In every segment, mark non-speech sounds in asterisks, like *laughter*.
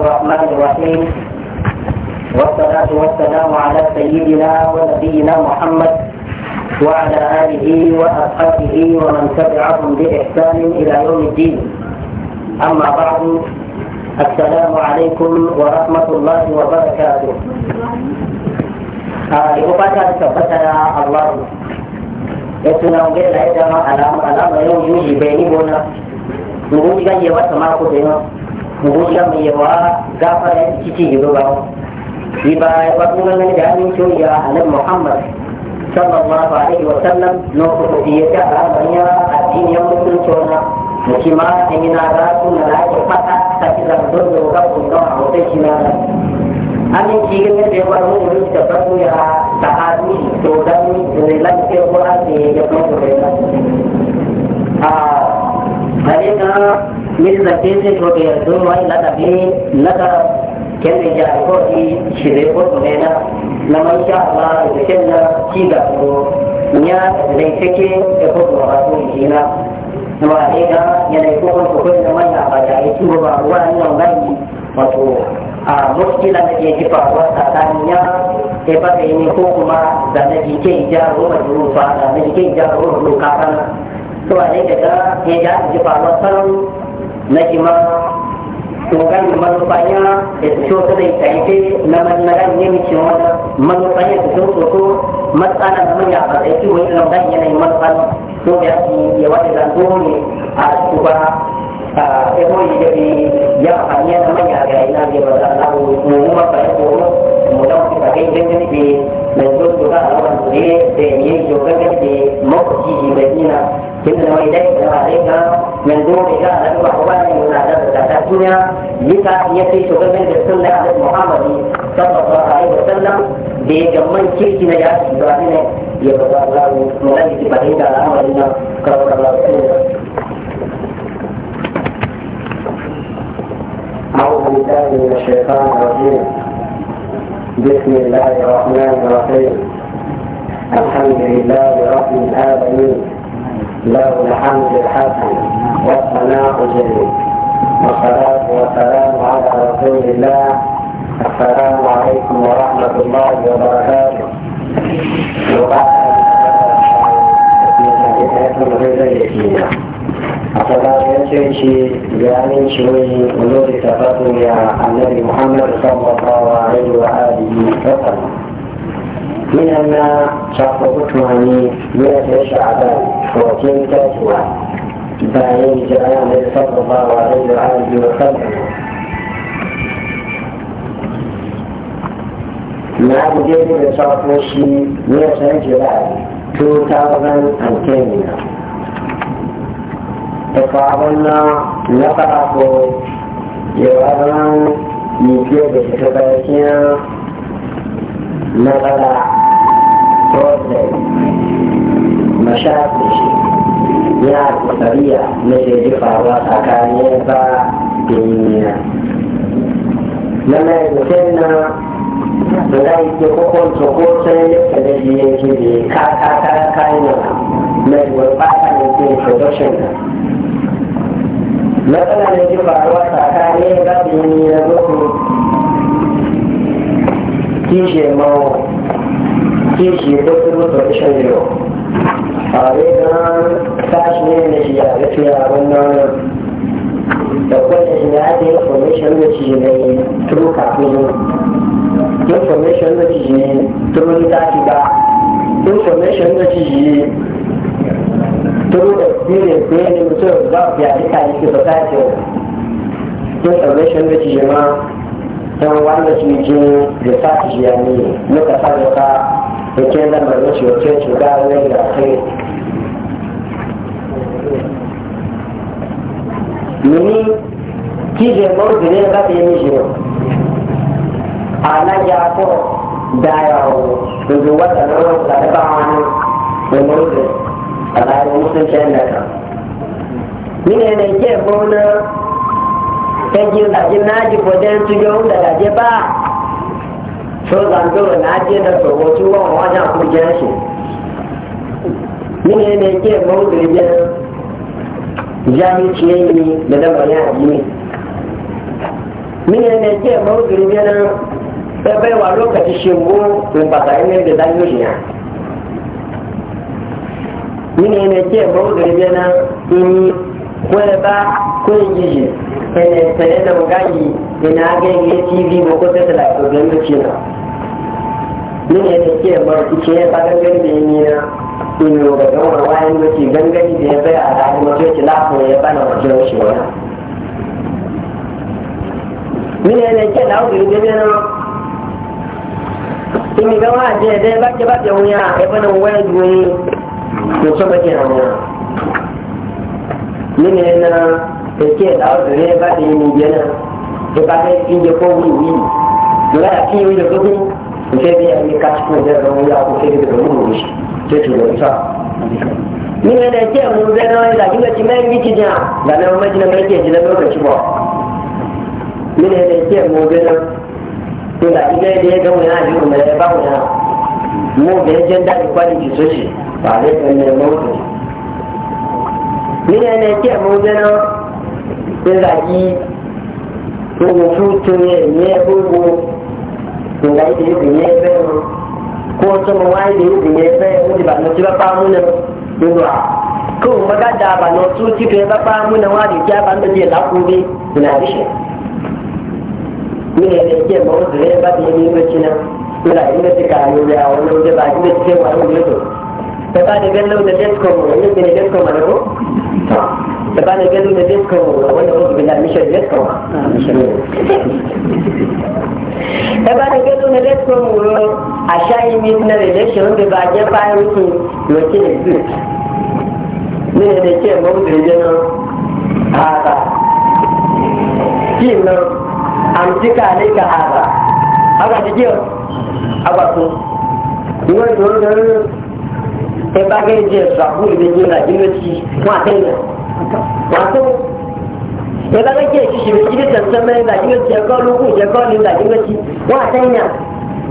الرحمن الرحيم والصلاة والسلام على سيدنا ونبينا محمد وعلى آله وأصحابه ومن تبعهم بإحسان إلى يوم الدين أما بعد السلام عليكم ورحمة الله وبركاته Ibukata tabbata Allah ya tuna wani da ya dama alama alama yau yi bai ni gona mu gudu ganye wata mako ngusha miyawa gafara kici gidoga iba watunga ngani jami choya anab muhammad sallallahu alaihi wasallam no ko iyata arabanya adin ya mutun chona mukima engina ra ku na ra ke pata taki ra do do da. ku no hote china ani chige me dewa mu ni tabatu ya tahani to dami ne lakke ko ate ya ko re na ah hare na min zaɓe zai zo da yanzu mai ladabi na da kenan jami'o'i shi zai kotu ne na na mai sha Allah da zaken na ci ga kuro ya zai cike da kotu a wasu yi na kuma a ɗaya yanayi kokon kokon da mai na fata ya ci gaba ruwa na yau gani wato a muskila na ke ji faruwa tsakanin ya ke yi ne ko kuma da na ji ke ija roba duru fata na ke ija roba duru kafa na. Tuwa ne ke ga ya ji faruwa tsanan na kima tukan manufanya ta da ita na mannaran ne mace wata manufanya su sun soto matsalan manya a tsaki wani lamdan yanayin manufan so ya fi ah, ah, ya wata zanto ne a tuba a ebo ya jabi ya amfani na manya ga ina ne ba za a lagu mu kuma ba ya koro mu dan ku kai gangani da zo su ga a wannan ne da ne jogan da mafi ji da ina إنه إليك عليك من دون إجازة وحوال مناسبة تأتينا لتعطية شغل السنة عن محمد صلى الله عليه وسلم بجمعين كيرك نجاة إبراهيم يبقى الله مولد فهيدا الأمر إنه كرر الله سنة أعوذ بالله من الشيطان الرجيم بسم الله الرحمن الرحيم الحمد لله رب العالمين له الحمد الحسن والثناء الجليل والصلاة والسلام على رسول الله السلام عليكم ورحمة الله وبركاته الصلاة يتشي بأن شوي النبي محمد صلى الله عليه وآله وسلم من أن شرطتها من مئة bayan وتين كاتبة بين جمال صلى الله عليه وآله وسلم na guje da sakoshi ne san july 2010 da faɗin na na farako yawaran yi fiye da shi ta bayan na tsada mashaƙi ya tsariya na jeji faruwa tsakanin ba da na mai mutum na da ike kokon tsoko sai ya kada shi ya Ka da kakakar kayan mai gurbata da ke production matsala da ke faruwa tsakanin ba da zuwa kishe mawa 信息多投入多炫耀，阿里安啥子没得事呀？这天我们呢？有啥子事？有信息炫耀信息没？多卡住。有信息炫耀信息没？多没大计较。有信息炫耀信息没？多比别人比别人做不让别人看你就不担心了。有信息炫耀信息吗？台湾的基金被打击了没？没打击他。Ekyenda manyisha okyekyo gaawenda ate mini kijembo zine nga byemijiro anajako dayawo nze wata nolowozane baano emuze alaali omusenkyendaka mine ene ejembo na ejindaje najikodentuyondalaje baa sau zangaro na je da tsohoci wa wajen kurgen shi mene ne ke mawuzirgin jami'ciyar ne da dambali a jini mene ne ke mawuzirgin baiwa lokaci shingo in fasa ne da zanyo shi ya mene ne ke mawuzirgin ko kwalba kun gishi tsaye da yi ina yi tv ko ta da ko don da ce na min ya ta ce ba ki ce ba gangan da ni na in yo ga gawa wayan da ki gangan da ya bai a da kuma ce ki lafa ya bana wajen shi wani min ya ne ke da wuri da ne in ga wa je dai ba ke ba da wuya ya bana wayan duwi to so ba ke na min ya na ta ce da wuri ba da ni ne ya na to ba ke in je ko wuri wuri da ya ki yi da gudu nke bi yanni kasiku bɛɛ dɔn wuli a ko kiri bɛ mun wuli te tu dɔn sa. ni yɛrɛ tɛ tɛ mun bɛɛ dɔn la jumɛn ti mɛn biti diya nka ne ma jinɛ mɛn tiɲɛ jinɛ mɛn kasi bɔ. ni yɛrɛ tɛ tɛ mun bɛɛ dɔn ko la i bɛ de dɔn yɛrɛ a jumɛn yɛrɛ ba kun yɛrɛ mun bɛɛ jɛn da ni kwali ti so si wa ale fɛn mɛn mɔgɔ kun. ni yɛrɛ tɛ tɛ mun bɛɛ dɔn ko la i ko wo fu tun ye ɲɛ ko wo. nga yi de ebinye ebe o ko so mo wa yi de ebinye ebe ba no ti ba pa mu na ndu a ko mo ga da ba no tu ti pe ba pa mu na wa de ja ba no de la ku bi na she ni ne de ke mo de ba de ni ba chi na ko la ni de ka ni ya o no de ba ni de ke wa ni de to ta ta de de ni de de طبعا قالوا لنا يذكر ولا اعوذ بالله مش يذكر طبعا قالوا لنا يذكر عشان مثل الريليشن ببعض فايروس لكن اكزيست من اللي كان موجود هذا كيما امسك عليك هذا هذا تجيو هذا تو يقول يقول يقول يقول يقول يقول يقول يقول يقول يقول 万州，你那个街就是一个城市嘛，一个街道、路口、街道、路带，一个街。万州呢，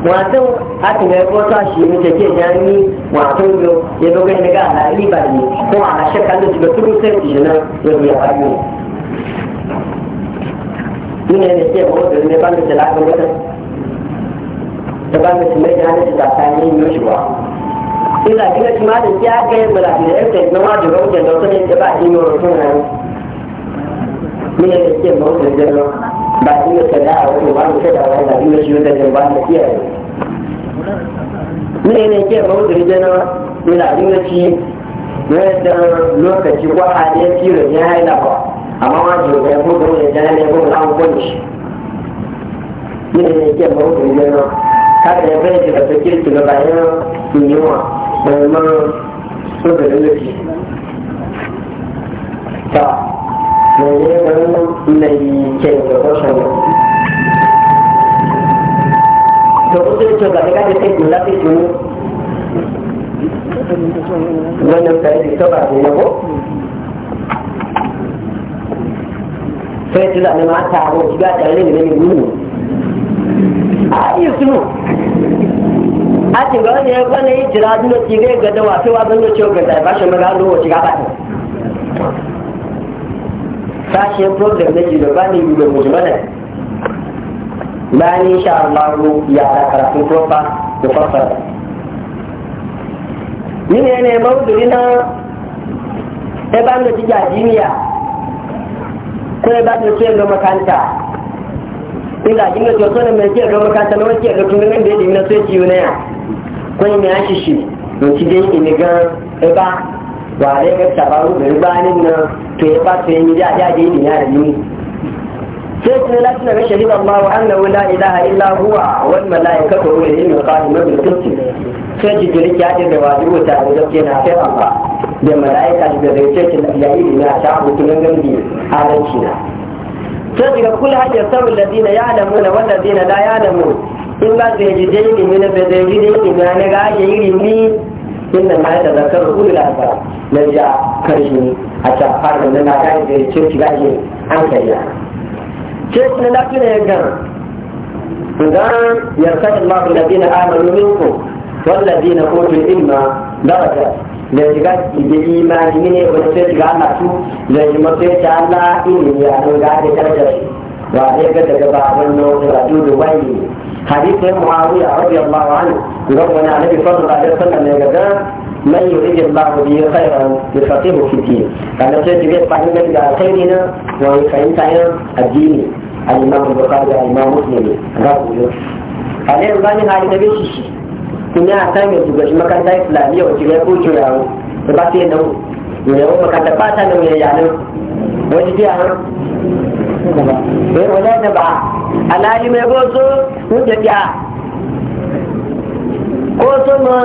万州它里面包括西门在街上，你万州有，也有个那个啥地方的，我还喜欢到这个中山路呢，特别好吃。你那个什么，这边我们走哪边？这边我们从那边走，走哪边？ila kila ti ma da ti aka yin bala da yake na ma da rauni da wata ne ba shi yoro tun nan ne ne da ke mu da jallo ba shi ne kada a wani ba mu kada wani da ne shi da jallo ba da kiyaye ne ne ke mu da jallo ne da ne ci ne da lokaci ko a ne tiro ne ya ila ba amma ma ji ga mu da ne da ne ko na ko ne ne ne ke mu da jallo kada ya bai da take ki da bayan yiwa ọ̀nà sọ́bẹ̀rẹ̀ lẹ́yìn ta lẹ́yìn ẹgbẹ̀rún lẹ́yìn kẹrìndínlẹ́ ọ̀ṣọ́rọ̀ tọ́kọ́ tó tó gbàgbé ká tètè kù láti tó lọ́nà pẹ̀lú ìtọ́ba àdínáwó fẹ́ẹ́ tó lànà máa ta àwọn òṣìṣẹ́ àtàlẹ́ ìrẹ́lẹ̀ wúwo. Ayé sùn. a ti ga wani na yi jira duna ti ga ga dawa sai wa zan ce ga zai bashi maza lo wace gaba ne sashi problem na jiro ba ne yi da ba ne? sha Allah ya da karatun kofa da fassara ni ne ne mawuduri na e ba da jiga jiniya ko e ba da ce ga makanta ina jini da so ne mai ce ga makanta na wace ga tunanin da yake na sai ciwo na ya ko ina ya ci shi to ci dai ina ga ba wa dai ga tabaru da bayanin na to ya ba to yin da ji ni ya da ni sai kuma la ta ga shahid Allah wa annahu la ilaha illa huwa wal malaikatu wa ilmi qa'imun bil qist sai jibril ya ji da wajibu wata da gaske na sai Allah da malaika da zai ce la ilaha ta abu tunan gambi halanci na sai daga kula hajjar sauran ladina ya alamu na wanda zina la ya إما تجدين من فتجدين من أنا قاعد يجري inna ma ya tazakar ulul albab na ja karshe a can fara da na kai da ce ki gaje an kai ya ce ki na lafi ne ga idan yarkad Allah alladhina amanu minkum walladhina utul ilma daraja da shiga da imani ne ba sai shiga Allah su da shi mafi ta Allah ilimi ya ga da daraja ba sai ga daga baban nan da dudu حديث معاوية رضي الله عنه ربنا النبي صلى الله عليه وسلم يقول من يريد الله به خيرا يفقهه في الدين أنا سيدي بيت فهمت على خيرنا وفهمت عن الدين الإمام البخاري الإمام مسلم رضي عليه الغني على النبي كنا أتاني تبجي مكان تايف لا ليه وتجي كوجو ياو تبقى فيه نو ياو مكان تبقى تانو ياو وجدي أنا eh wala da ba alali mai gozo mun da ya ko so ma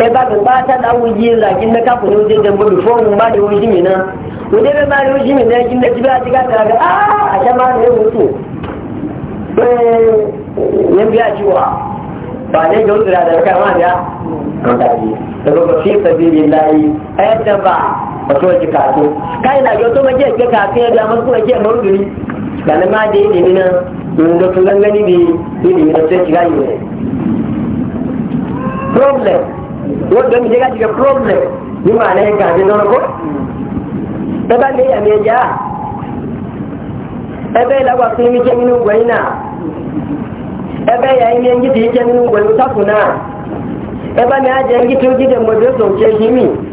e ba ga bata da wuji la kin da kafu ne wajen da budu fo mun ba da wuji ne na wuje ba ba da wuji ne da kin da jiba ta ga ga a a jama'a ne mutu eh ne biya ba ne ga da kama da an da lokaci ayyaba wato wace kaso kai na ga to ma je ga kaso ya da masu wace maruguri da na ma da yi ne nan mun da kullun gani problem wanda mu je ga shiga problem ni ma ne ga je don ko da ba ne ya me ja ebe la wa sai mi ke minu gwaina ebe ya yi ne ngiti ke minu gwaina ta kuna ebe ne aje ngiti ujide mo do so ke yimi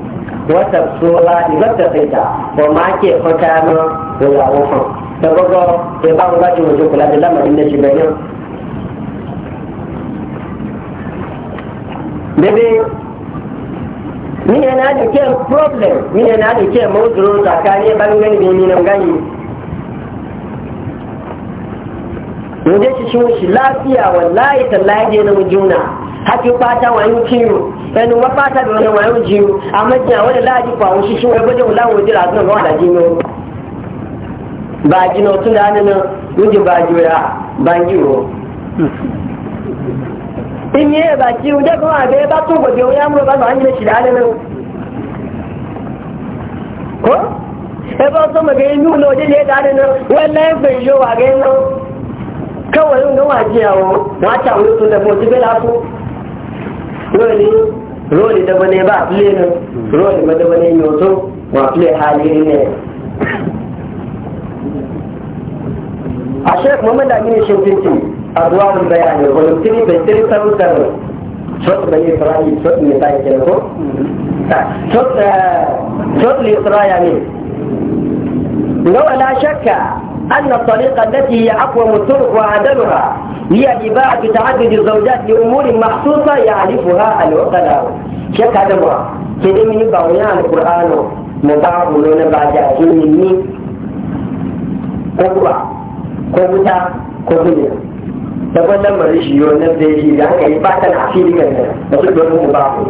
wata sola di wata fita ko ma ke kota na wula wufa da gogo ke ba mu gaji wajen kula da lamarin da shi bayan bebe mine na da ke problem mine na da ke mawuzuru tsakani bangani bi ni nan gani mu je shi shi lafiya wallahi tallahi ne mu juna haki fata wa yi kiyo ẹnu wa fata da wa yi jiyo a majiya wani laji kwa wasu shi wani gwajin wula wani jira suna wani jino ba jino tun da hannun wuji ba jura ba jiwo in yi ba ci wuce kuma a bai ba tun gobe wani amuru ba su hanyar shi da hannun ko ebe ọsọ maga yi nuna waje ne da hannun wani layin bai jo wa ga yi nan kawai yin gawa jiyawo wata wani tun da bauti bai lafu roli roli da bane ba play no roli ma da bane ne to ma play hali ne a shek muhammad amin shefinti adwar bayan volume 3 by 3 7 7 shot bai farayi shot ne ta ke ko shot shot li israya ne لو لا شك أن الطريقة التي هي أقوم الطرق وأعدلها هي إباعة تعدد الزوجات لأمور مخصوصة يعرفها العقلاء شك هذا ما كده من بويان القرآن مباعب لنا بعد أكيد مني قبرة قبرة قبرة daban lamarin shi yau nan da yake da haka yi fatan a fili kan nan da su domin mu ba ku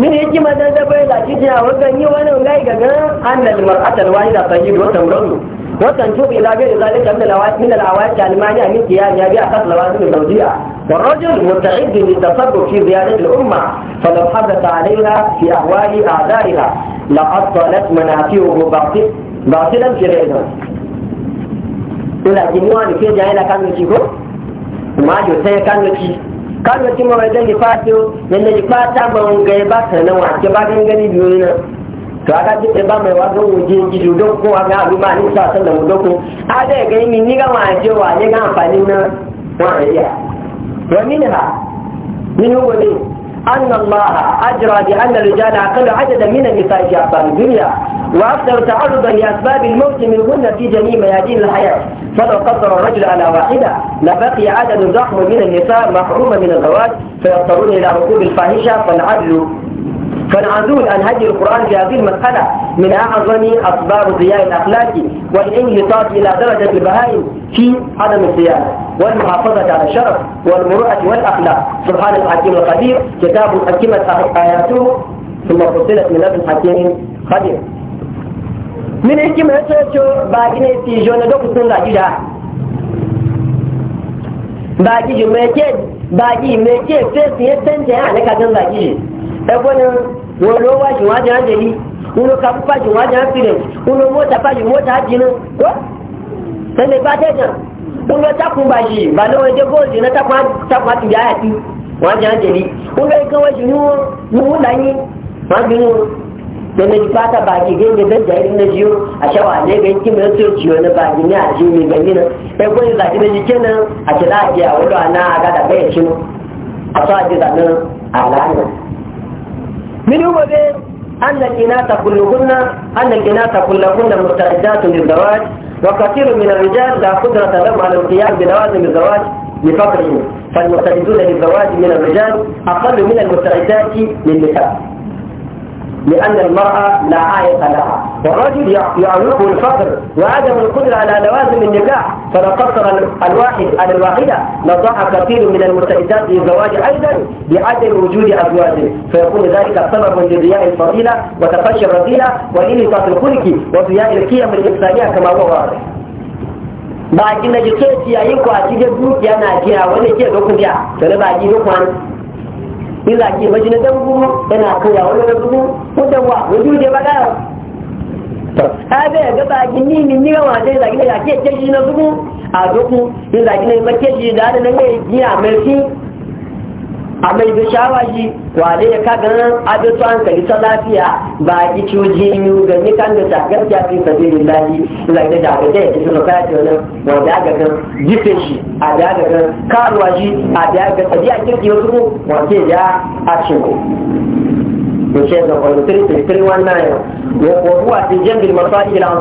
min yake madan da bai da kiji a wannan yi wani ngai ga nan annal mar'atal wahida sayyidu wa tamradu وكان شوف إلى غير ذلك من العوائد من العوائد المانعة من قيامها بأخذ لوازم الزوجية والرجل مستعد للتصرف في زيادة الأمة فلو حدث عليها في أهوال أعدائها لقد طالت منافعه باطلا في غيره ولكن جنوان في جاهلة كان يشيكو ما يسير كان يشيكو kan mutum mai zai fatiyo yadda ji fata ba wani gaya ba sannan wa ke ba gangani biyu na to aka ji ba mai wazo waje gido don ko ga ba ni sa san da mu a da ga ni ni ga ma je wa ne ga amfani na wa iya wa min ha min huwa ne أن الله أجرى بأن الرجال أقل عددا من النساء في أسباب الدنيا وأكثر تعرضا لأسباب الموت منهن في جميع ميادين الحياة فلو قدر الرجل على واحدة لبقي عدد ضخم من النساء محرومة من الزواج فيضطرون إلى ركوب الفاحشة فالعدل فالعزول عن هدي القرآن في هذه المسألة من أعظم أسباب الضياء الأخلاقي والانهطاط إلى درجة البهائم في عدم الصيانة والمحافظة على الشرف والمروءة والأخلاق سبحان الحكيم القدير كتاب حكمت آياته ثم فصلت من لدن حكيم قدير من حكمة باقي في جونة سنة جدا baki ji meke baki meke fesi ya tante ya ne kadan ji e wolo wa ji waje ha deli uno ka pa ji waje ha fire uno mota pa ji mota ha jinu ko sai ba ta jan uno ta ba na ta kwa ta kwa ti ya ti waje ha deli uno da na ji fata baki gai ne dan jairin na jiyo a shawa ne ga yankin mai so ciwo na baki ne a ji mai gani na sai gwani zaki na jikin nan a ci lafiya a wani ana a gada bai shi a so a ji zanen a lana. Min yi wabe أن الإناث كلهن أن الإناث كلهن مستعدات للزواج وكثير من الرجال لا قدرة لهم على القيام بلوازم الزواج لفقرهم فالمستعدون للزواج من الرجال أقل من المستعدات للنساء لأن المرأة لا عائق لها والرجل يعرفه الفقر وعدم القدرة على لوازم النكاح فلو قصر الواحد على الواحدة لضاع كثير من المستعدات للزواج أيضا بعدم وجود أزواج فيكون ذلك سبب لضياء الفضيلة وتفشي الرذيلة وإنقاذ الخلق وضياء القيم الإنسانية كما هو واضح ba kin da ke ciyayin ko a cikin duk yana jiya wani ke dokun jiya ba ji dokun iza ke maji na dambu yana koya wani na dubu mutan wa wajen da ba gawa ta bai ga baki ni ni ni wa dai zagi da ke ke shi na dubu a duku iza ke ne make shi da da nan ne giya mai abai da shawaji wale ya ka ga nan abin su an kari ta lafiya ba a ki ciwo jini ga ne kan da shagar ya fi sabi da lafi ila ita da abin da ya fi lokaya ce wani ba da ga ga jife shi a da ga ga karuwa shi a da ga ga a kirki wasu ko wace ya a cin ko. Mishe da kwanu 3.3.1.9 Wa kuwa ta jambi masu ajiyar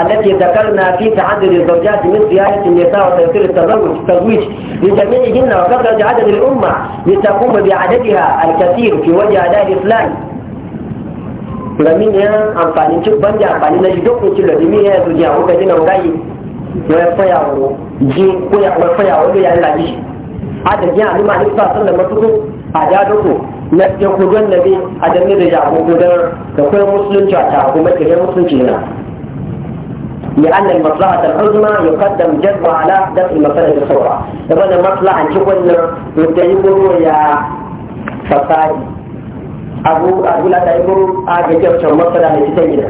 التي ذكرنا في تعدد الزوجات من زيادة النساء وتيسير التزوج التزويج لجميعهن وكثرة عدد الأمة لتقوم بعددها الكثير في وجه أداء الإسلام لمن أنفاني شوف بنجي أنفاني نجدوك نشيل لمن هي زوجي أو كذين أو غاي ويفيا وجي ويا ويفيا ويا يعني لاجي هذا جاء لما نفسه صلى الله عليه وسلم أجادوكو na ya kudin nabi a da jamu kudin da kuma musulunci a لأن المصلحة العظمى يقدم جذب على دفع المصالح الصغرى يقول المصلحة نشوف أن يقولوا يا فساد أبو أبو لا تقول أجي تشوف مصلحة لتجينا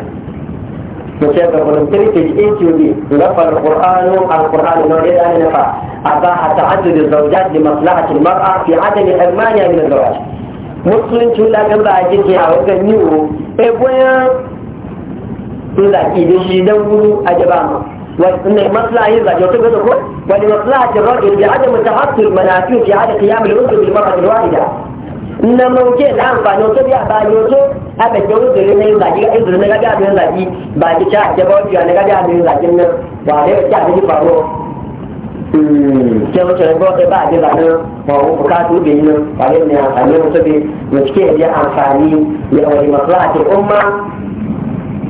مشاهد الغلمتري تجئين تيودي نفى القرآن القرآن نريد أن نفى أباح تعدد الزوجات لمصلحة المرأة في عدم حرمانها من الزواج مسلم تقول لك أنت أبا أجيك يا أبو sun zaki da shi don guru a jaba mu wannan maslaha yin zaki wata gado ko wani maslaha ta ra'i da adam tahassul manafi fi hada qiyam al-usul bil marra al-wahida na mauke da amfani wato biya ba ne wato a da ke wato ne yin zaki ga izini na gaji abin zaki ba ki ta jaba wato na gaji abin zaki nan ba dai ta da ki faro ke wato ne gobe ba ji zanen ba ko bukatu da yin ba ne amfani wato bi ne ke da amfani ya wani maslaha ta umma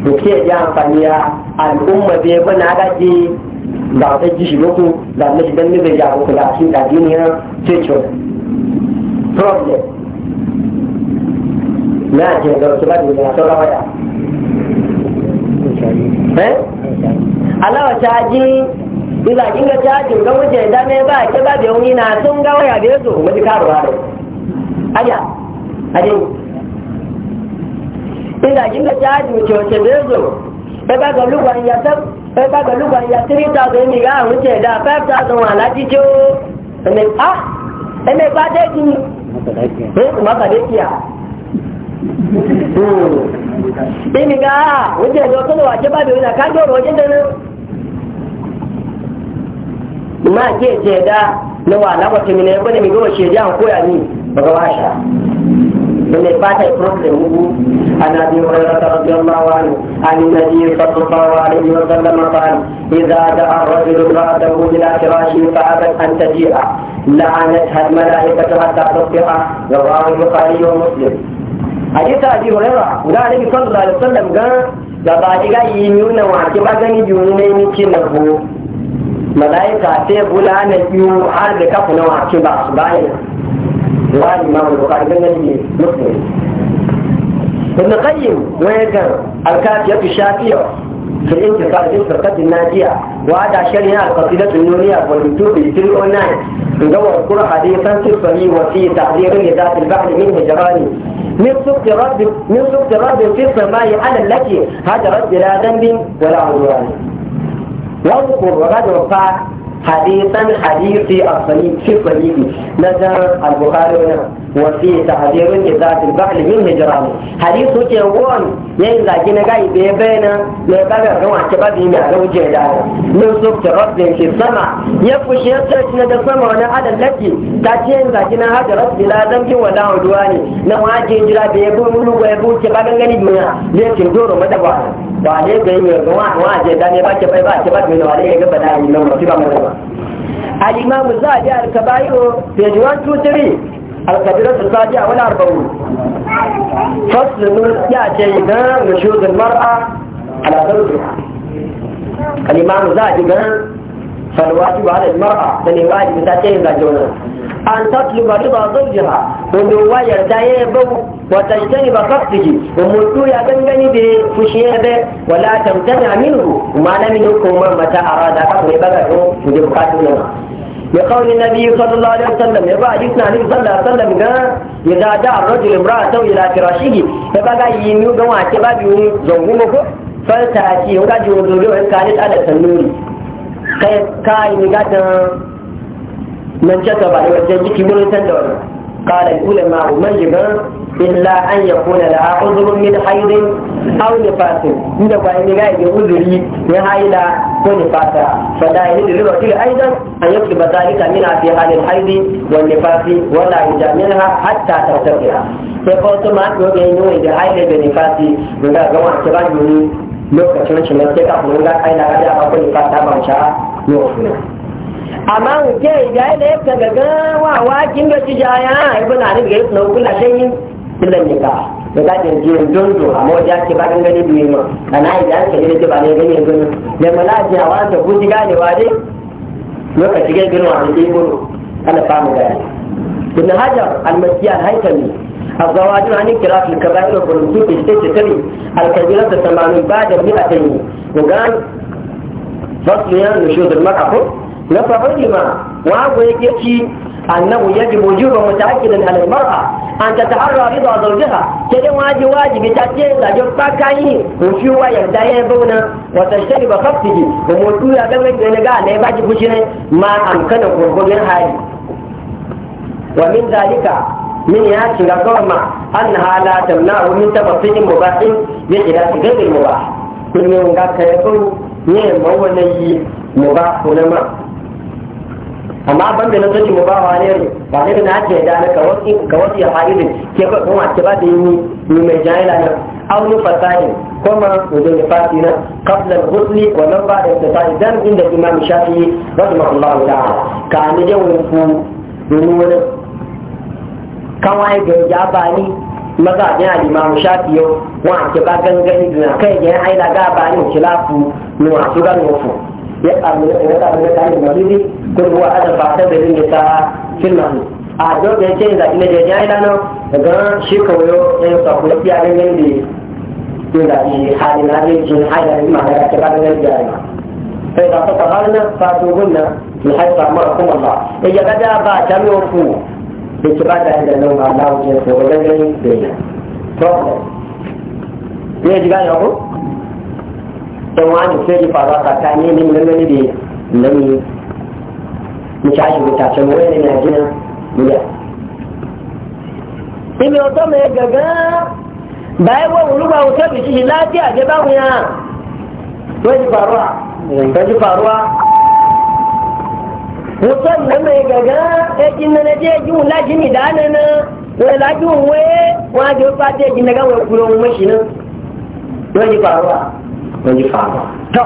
buke ya amfani ya al'umma bai bana daji ba ta ji shi muku da na shi dan ne zai ja muku da shi da diniyar cecho problem na je ga su ba da to ga waya eh alawa caji ila kinga caji ga waje da ne ba ke ba da yuni na sun ga waya da yazo mu ji karuwa da aja aje ina kinga caji wuce wace bezo ẹgbẹ́ pẹ̀lú gbàyà ẹgbẹ́ pẹ̀lú gbàyà three thousand ní ìyá àrùn tẹ̀ dá five thousand wà láti tí ó ẹ̀mẹ̀ á ẹ̀mẹ̀ bá dé kí ni ẹ̀ kùmọ̀kàdé kí à. Bíbi ká ó jẹ́ ìjọ tó lọ wà jẹ́bá bèrè náà kájọ́ ọ̀rọ̀ ọjọ́ dáná. Máa jẹ́ ìjẹ́ ẹ̀dá lọ́wọ́ àlábọ̀tẹ̀mí náà mi gbọ́ ṣe ìdí à ń kó yà ní من فات مسلم عن ابي هريره رضي الله عنه عن النبي صلى الله عليه وسلم قال اذا دعا الرجل امراته الى فراشه فابت ان تجيء لعنتها الملائكه حتى تصبح رواه البخاري ومسلم حديث ابي هريره قال النبي صلى الله عليه وسلم قال gaba diga yi nuna wa ki magani biyu ne ni ki na ko malaika sai bulana biyu har da kafu na wa ki ba su bayan قال الإمام البخاري من الذي ابن القيم ويذكر الكافية الشافية في الانتقال في الفرقة الناجية وهذا شرها القصيدة النونية واليوتيوب في 309 ندور كل حديثا في الصحيح وفي تحذير لذات البحر من هجراني من سقط رب من سقط رب في السماء على التي هجرت بلا ذنب ولا عدوان واذكر وغدر فاك حديثا حديثي الصحيح في الصليب نزر البخاري وفي تحذير لذات البحر من هجران حديث جوان يين لاجي نغاي بيبينا لبابا كما كباب يمي على وجه دار نسوك رب في السماء يفش يسرج ندى السماء وانا هذا الذي تاتين لاجي نا هذا رب لا ذنب ولا عدواني نواجه جرا بيبو ملو ويبو كباب غني ميا لكن دورو مدوانا ba ne ga yi ga wa wa je da ne ba ke bai ba ke ba mai da ne ga bana yi nan ba mai ba al imam zadi al kabairu page 123 al kabira sadi wal arba'un fasl nur ya ce ga nushud al mar'a ala zarbi al imam zadi ga فالواجب على المرأة بل واجب تاتين الجنة أن تطلب رضا زوجها ومن يرتاي بو وتجتنب قصده ومن يا بنغني به فشيه ولا تمتنع منه وما لم يكن متى أراد أخذ بغيه وجبقاته لقول النبي صلى الله عليه وسلم يبقى حديثنا عليه صلى الله عليه وسلم قال إذا جاء الرجل امرأته إلى فراشه يبقى يميو قواتي بابي زوجه فلتأتي وقد يوضو له إن كانت على سنوري kai ka yi ni gata man jata ba da wajen jiki mun san da wannan qala ulama man jiba illa an yakuna la uzrun min hayd aw nifas inda ba ni ga yi uzuri ne haila ko ni fasa fa da yi da riba kila aidan an yaki ba badalika min fi halil hayd ni fasi wala yajamilha hatta tartabiha sai ko to ma ko ga ne da haila da ni fasi ga ga wa ta ba ni lokacin shi ne sai kafin ga kai na gaja ba kai ka ta bauta lokacin amma mu wuce ga ina ya ka gaga wa wa kin ga ji jaya ibn ali ga ibn kula shayin illan ne ka da ga jin jin dondo amma wajen ke ba gani duwe ma kana idan ka ne ba ne gani gani da malaji a ta ku ji ne wa dai lokaci ga gani wa ne gani ana famu gani ibn hajar al-masiyah al الزواج عن انكراف الكبائر والقلوب تجتيت تري الكبيرة الثمانين بعد المئتين وقال فصل يا نشوذ المرأة نفع لما وعبوا يكيكي أنه يجب وجوبا متأكدا على المرأة أن تتعرى رضا زوجها كده واجب واجب تأتيه لجب باكاين وشوى يهدايه بونا وتشتري وتجتنب خفته وموتوية دمك لنقال ليباجي بجنة ما أمكنه قرقودين هاي ومن ذلك من ياتي لقوما انها لا تمنع من تبطين مباح بخلاف غير المباح كل يوم قاك يقول نعم هو نجي مباح ونما amma ban da nasoci mu ba wa ne ba ne na ce da na kawai kawai ya haɗin ke ba kuma ke ba da yi ni mai jahila nan aw ni fasadi kuma wajen da fasi nan qabla al-husli wa man ba'da al-fasadi ni jawu ku ni kawai da ya ba ni maza ne alimamu shafi yau wa ke ba gangani da kai ne ai da ga ba ni khilafu no a su ga nufu ya kamu ya kamu da kai maridi ko ruwa ada ba ta da din ta filman a do da ce da ina da ya ila no daga shi kawayo ya sa ku ya ga ne da ina da halin da jin haida ma da ka ba gangani da ya فإذا تطهرنا فاتوهن من حيث أمركم الله إذا إيه بدا با which rather than know allow just the ordinary prayer. Problem. Yóò jí báyọ̀ kú. Ṣé wọ́n á ní fẹ́ẹ́ di pàrọ̀ àkàtà ní ilé ìlẹ́lẹ́ níbi lẹ́yìn níṣà ìwé tàṣẹ mọ́ ẹ̀rẹ́ ní àjẹ́ nílẹ̀. Ibi ọ̀tọ́ mi gàgán báyìí wọ́n wùlú bá wọn sẹ́bi ṣíṣe láti àjẹbáwọn yàn. Wọ́n ti pàrọ̀ à. Wọ́n ti pàrọ̀ à mutum da mai gaga ya ji na na je ji wula ji ni da na na wani laji wuwe wani ji wufa ta ji na gawa kuro mu mashi nan wani faruwa wani faruwa to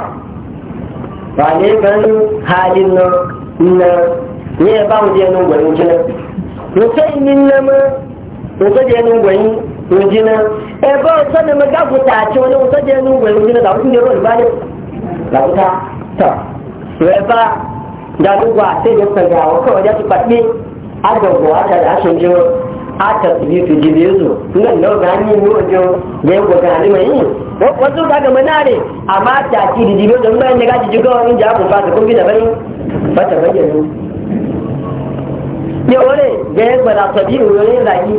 ba ne gan halin nan na ne ba mu je nan gwani jina mutum min na ma mutum je nan gwani jina e ba mutum na magafuta ce wani mutum je nan gwani jina da mutum je ruwa ba ne da wuta to ba da duk ba sai da fagawa kawai da su faɗi a gaggawa ta da ashin jiwa a tasiri su ji biyu su nan da ga ni mu wajen da ya gwada ni mai wasu ga ga mana ne amma ta ci da jibi da mai daga ji jiga wani ja ku ba ta kun gida bai ba ta bayyana ne wani da ya gwada tabi'u ne zaki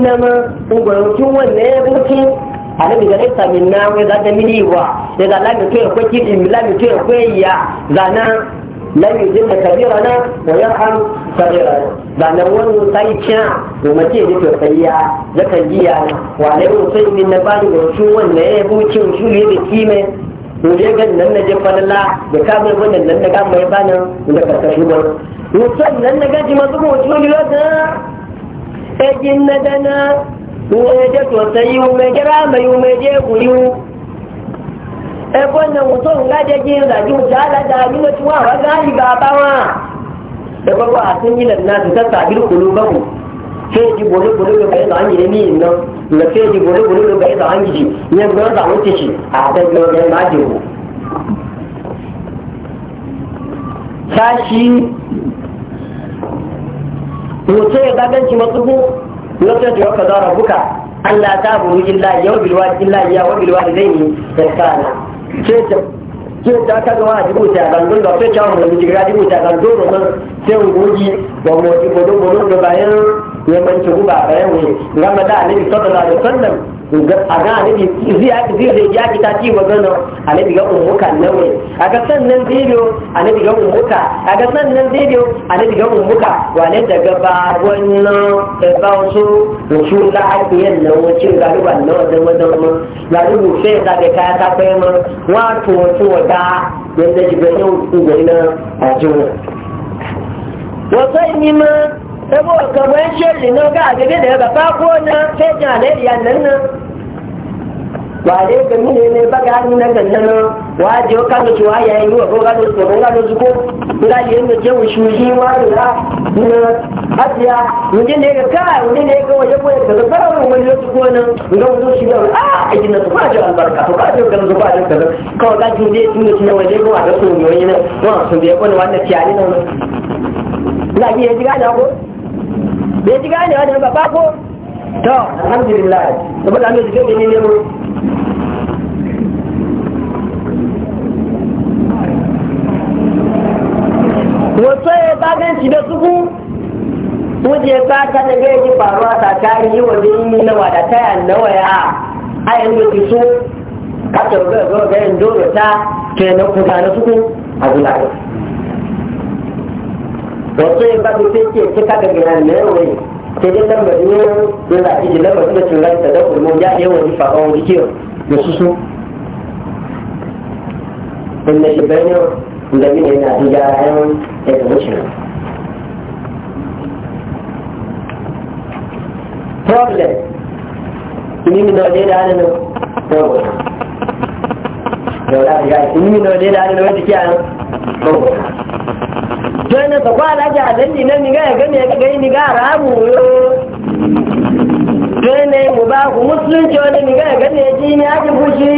nama ugwarokin wannan ya gutu ale bi gane sami na wai za ta mini wa da za mi to yakwai kidi mi lami to ko ya na la mi je ta kabira na wa ya ham kabira da na zana wani sai kina ko mace da to sai ya da kan yi ya wa ne mu sai min na ba da shi wannan ya bucin su ne da kime ko je ga nan na je falala da ka mai wannan nan da kamar bani da ka ba ko mutum nan na gaji masu mutum ne da ejin na dana umeje tosayi umeje rama umeje kuyu ẹgbọ́n náà wò tó nǹkan jẹ́ kí ìrìnàjò ìjàládà nínú tí wọ́n àwọn gáàlì bàbá wọn. ẹgbọ́n bá àtúnyìnlẹ̀ náà ti sẹ́sà àbílù kò ló bẹ́wò feji bole bole lo kai zan yi ni no na feji bole bole lo kai zan yi ne ga da wuce shi a da lo ne ma ji ko sashi wuce ga ganci matsugo lokacin da waka zara buka Allah ta buru illa yau bilwa illa ya wa bilwa da zai yi ihsana ce ce ta ka ga wani dubu ta zan dun da sai ta mu ji ga dubu ta zan dun da sai mu goji da mu ji bodo bodo da bayan ya manci guba bayan ne gama da annabi sallallahu alaihi wasallam a ga annabi zai ya kita ci wa gano annabi ga ummuka nawe a ga sannan zai biyo annabi ga ummuka a ga sannan zai biyo annabi ga ummuka wane daga ba wannan ba wasu rusu da hakiyan na wucin garuba na wajen wajen mu garubu sai da ga kaya ta kai mu wato wato da yadda jibe yau ku gari na a jiwo wasu yi ma ebo kamar shirri na ga agade da ga fako na fejin alayya nan ba, wale ga mine ne baga ni na ga nan waje ka mu ci waya yi wa goga da su goga da su ko da yanda je wushi shi wa da na asiya mun ne ga ka mun ne ga waje ko ka ba fara ko nan ga shi ga a ajin su ba da albarka to ba da ga su ba da ka ga waje ko a da su ne ne wa da ko ne ji ya e ji bai ji ganewa da baba ko to alhamdulillah saboda an da jikin ne ne wato ya baganci da suku kuje ba ta da gaji faruwa tsakani wa jini na wada taya na waya a yanzu ki so ka ta ga ga ga dole ke na kuta na suku a wasu yin ba sai ke cika da gina ne wai sai dai lambari ne ya zaɓi ji lambari da cin ranta da kurmo ya yi wani faɗa wani kiyo da su su inda shi bayan da gina yana da yaran da ga wucin problem ni ne da wani da hannun yawon Jọ́nà sọ̀kọ́ alájà àdẹ́jì náà nígbà ẹ̀gẹ́ ni ẹgbẹ́ nígbà àràbù yóò. Jọ́nà mú bá kù Mùsùlùm jọ́nà nígbà ẹ̀gẹ́ ni ẹjí ní ájúbú sí.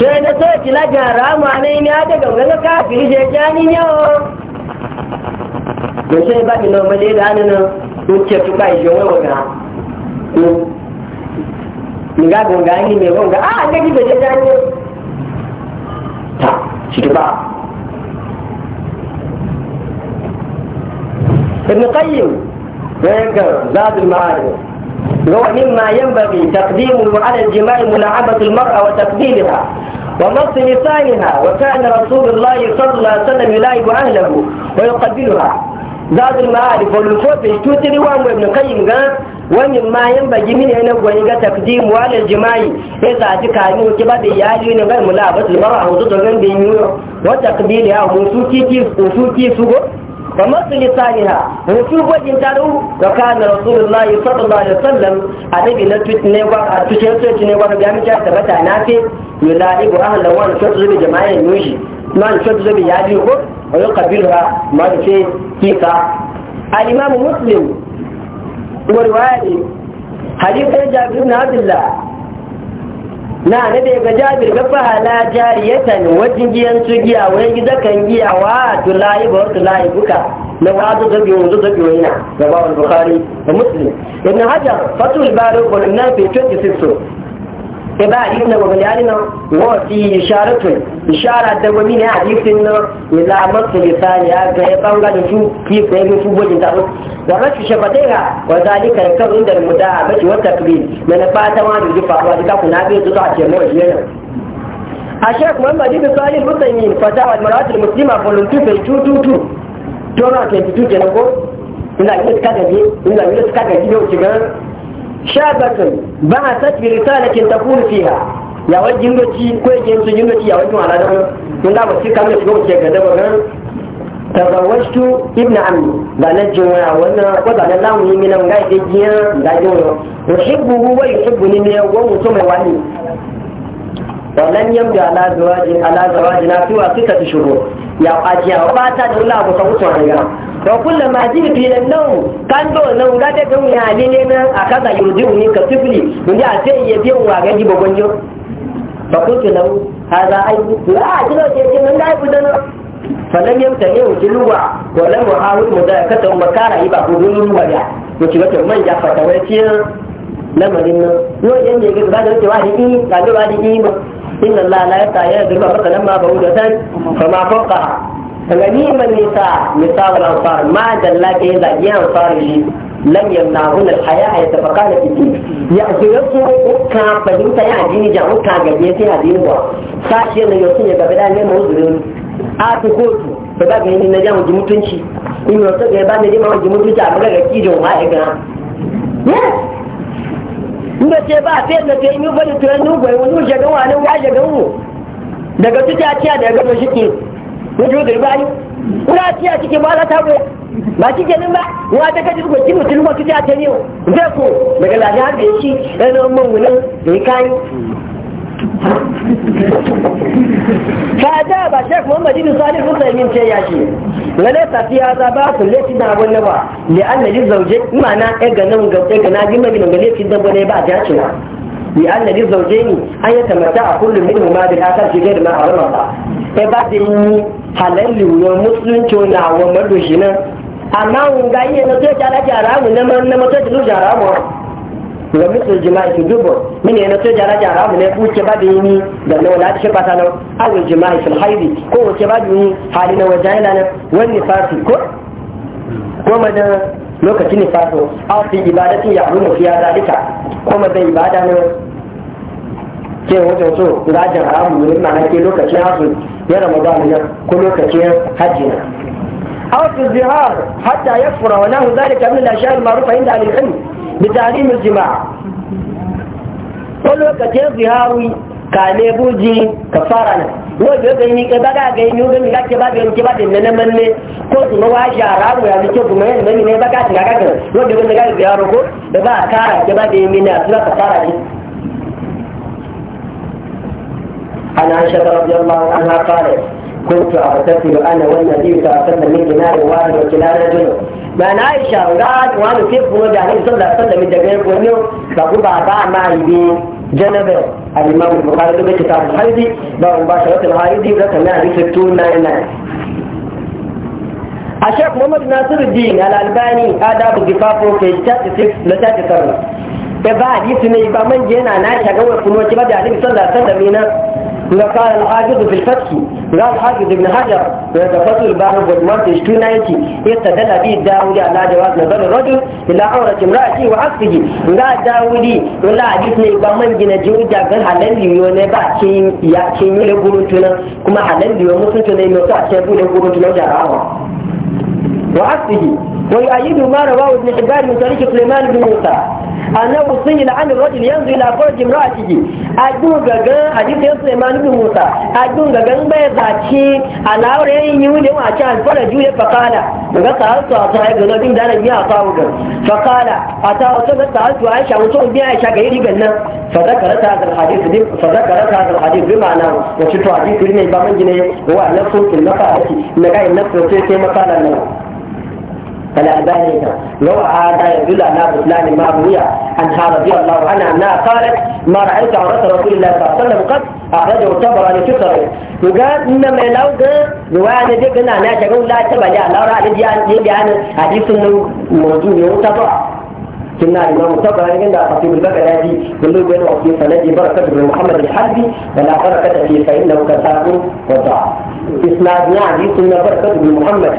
Jọ́nà sọ́ọ̀tì lájà àràbù àná ní ájẹ́gbẹ̀gbẹ̀ káàkiri jẹ yi níyàn. Jọ́nà ìbá ni ah jani ta ابن قيم ويذكر زاد المعارف هو مما ينبغي تقديمه على الجماع ملاعبة المرأة وتقديمها ومص لسانها وكان رسول الله صلى الله عليه وسلم يلاعب أهله ويقدرها زاد المعارف والوفوة في ابن قيم قال wani ma yin bagi mini ne gwani ga takdim walal jima'i ya zaji kani ki ba da iyali ne ga mula ba su bara hudu da ran da yi wa takbil ya mu su kiki su ki su go wa masli saniha mu su gwajin taru ga kana rasulullahi sallallahu alaihi wasallam annabi na tutne ba a tutne sai ne ba ga mi ta tabbata na ce yulai bu ahlan wa tutzubi jama'i yushi man tutzubi ya ji ko wa yuqabilha ma ce kika al-imam muslim kuma riwaya ne hadisin jabir na abdullah na ne da ga jabir ga fa hala jariyatan wajin giyan su giya wai gida kan giya wa tulayi ba layi buka na wa zo da biyo zo da biyo na ga bawan bukhari da muslim ibn hajar fatul baro ko na fi 26 ba hadisi na gobe yana wa fi isharatu ishara da gobe ne hadisin na ila masu lisani ya ga ya bangare su ki ko yin su bojin taro da rashin shafataiha wa zalika yakun inda mudaa bace wata kabi na fata ma da jifa wa dika kuna bai zuwa a ce mawai yana الشيخ محمد بن صالح الحسيني فتاوى المرأة المسلمة فولوم 222 222 kenan ko ina yi suka gaji ina yi suka gaji yau shiga شابك بعثت برسالة تقول فيها يا وجه نجي كوي جنس نجي يا وجه على ده من لا بس كم يشوف شيء كذا بقى تزوجت ابن عمي بان جوا وانا وضع الله من غير دجيا دجوا يحبه ويحبني مني وهو ثم واني ولن يمضي على زواج على زواجنا سوى ستة شهور يا أجي أو باتا دولا أبو سوسو عنها wa kullum ma ji fi da nau kan do nau ga da kan ya ne ne nan a kaza yurji uni ka tifli mun ya ce ya biyan wa ga gibo gonjo fa kuntu lahu hada ai a a yi kino ce ce mun dai budan falan yamta ne wuce luwa wa lam wa hawu mudaka ta ba iba gudun luwa ya wuce ga man ya fata wai ce lamarin nan yau yan ne ga da wuce wa da yi ga da wa da yi ba inna allaha la yata ya dirba da lamma ba'udatan fama fawqaha غنيم النساء نساء الأنصار ما دلاك إذا جاء أنصار لي لم يمنعهن الحياة يتفقان في الدين يأتي يسوع كان فجمت يا ديني جاء كان قبيتي هذه هو ساشي أن يسوع يبقى لي موزرين آتي كوتو بقى جيني نجاو جمتنشي إن يسوع يبان لي ما جمتنشي أبقى غكي جو ما إقرام yes ce ba fiye da ta yi mu bari to yanzu bai wani shagawa ne wa shagawu daga tuta ciya daga shi ke wajen garba ai kuna ci a cikin ba za ta go ba ci nan ba wa ta kaji ko ci mutum ko ci ta ne zai ko daga lafiya har da shi ɗan man wunan da ya kai kada ba shek muhammad ibn salih musaimin ce ya ce wala safiya za ba ku lati da wannan ba li anna li zawje imana e ganan ga e gana bi mai ga lati da bane ba ta ce li anna li zawje ni an ya tamata a kullum min ma bil akal shi gair ma harama ba e ba da yi halalli wa musulunci na wa madoshi nan amma wun ga iya na so ta da jaramu na man na mato da jaramu wa misul jima'i su dubo mine na so jara jaramu ne ba da yini da na wala shi fata nan jima'i fil haidi ko wace ba da yini hali na wani fasi ko ko madan lokacin nifaso aw fi ibadatin ya rumu fiya zalika ko madan ibada nan ke wajen so ga jaramu ne ma na ke lokacin hasu ya ramadan ya ko lokacin hajji na aw fi zihar hatta fura wa lahu zalika min al-ashya' marufa inda al-ilm bi ta'lim al-jima'a ko lokacin ziharu ka ne buji ka fara nan wanda ga ni ke baga ga ni ga ni ga ke baga ke baga ne man ne ko su ma washi haramu ya ni ke kuma ne ne baga ta ga ga wanda ga ga ziharu ko da ba ka ke baga ni na su ka fara ne عن عائشة رضي الله عنها قالت كنت أغتسل أنا والنبي صلى من إناء واحد وكلانا جنوب لأن عائشة وقال وأنا كيف كنت عليه صلى الله عليه وسلم من دقيقة ونيو فقل بعضها معي بين جنبه الإمام البخاري في كتاب الحيدي باب مباشرة الحيدي ستون ما 699 الشيخ محمد ناصر الدين الألباني هذا الضفاف في 36 لتاتي سنة ba hadisi ne ba جينا jena na shaga wa kuma صلى الله عليه وسلم قال الحافظ في الفتح قال الحافظ ابن حجر فتح البحر والمرض 290 استدل به الداودي على جواز نظر الرجل الى عورة امرأته وعكسه لا داودي ولا حديث يبا من جنة جودة قال حلال ليوني با شين يا شين يلقونتنا كما حلال ليوني مسلتنا يمسع شابو يلقونتنا وجرعاوا وعكسه ويؤيد ما رواه ابن حبان من طريق سليمان بن موسى annabu sun yi la'ani rajul yanzu ila farji imra'atihi adun gaga hadisi yanzu iman ibn musa a adun gaga bai zaci alawar yayin yi wule wa ci an fara juye fakala daga su a su ga nabin bin nan biya a sa'u ga fakala a ta wato ga sa'altu a aisha wato biya aisha ga iri gannan nan zakara ta zar hadis bi ma'ana wacce to hadis ne ba man gine wa nafsu kin nafa na ga yin nafsu sai sai makalan nan فلا أبالينا لو عاد يدل على بطلان المعروية عنها رضي الله عنها أنها قالت ما رأيت عورة رسول الله صلى الله عليه وسلم قد أخرجه الطبراني في صحيح وقال إنما لو قال وأنا ذيك أنا أنا شغل لا تبع لا رأى لدي لدي أنا حديث إنه موضوع يوتبع كنا الإمام الطبراني عند خطيب البغدادي كله بين وفي سندي بركة بن محمد الحربي ولا بركة فيه فإنه كتاب وضاع إسنادنا يعني حديث من بركة بن محمد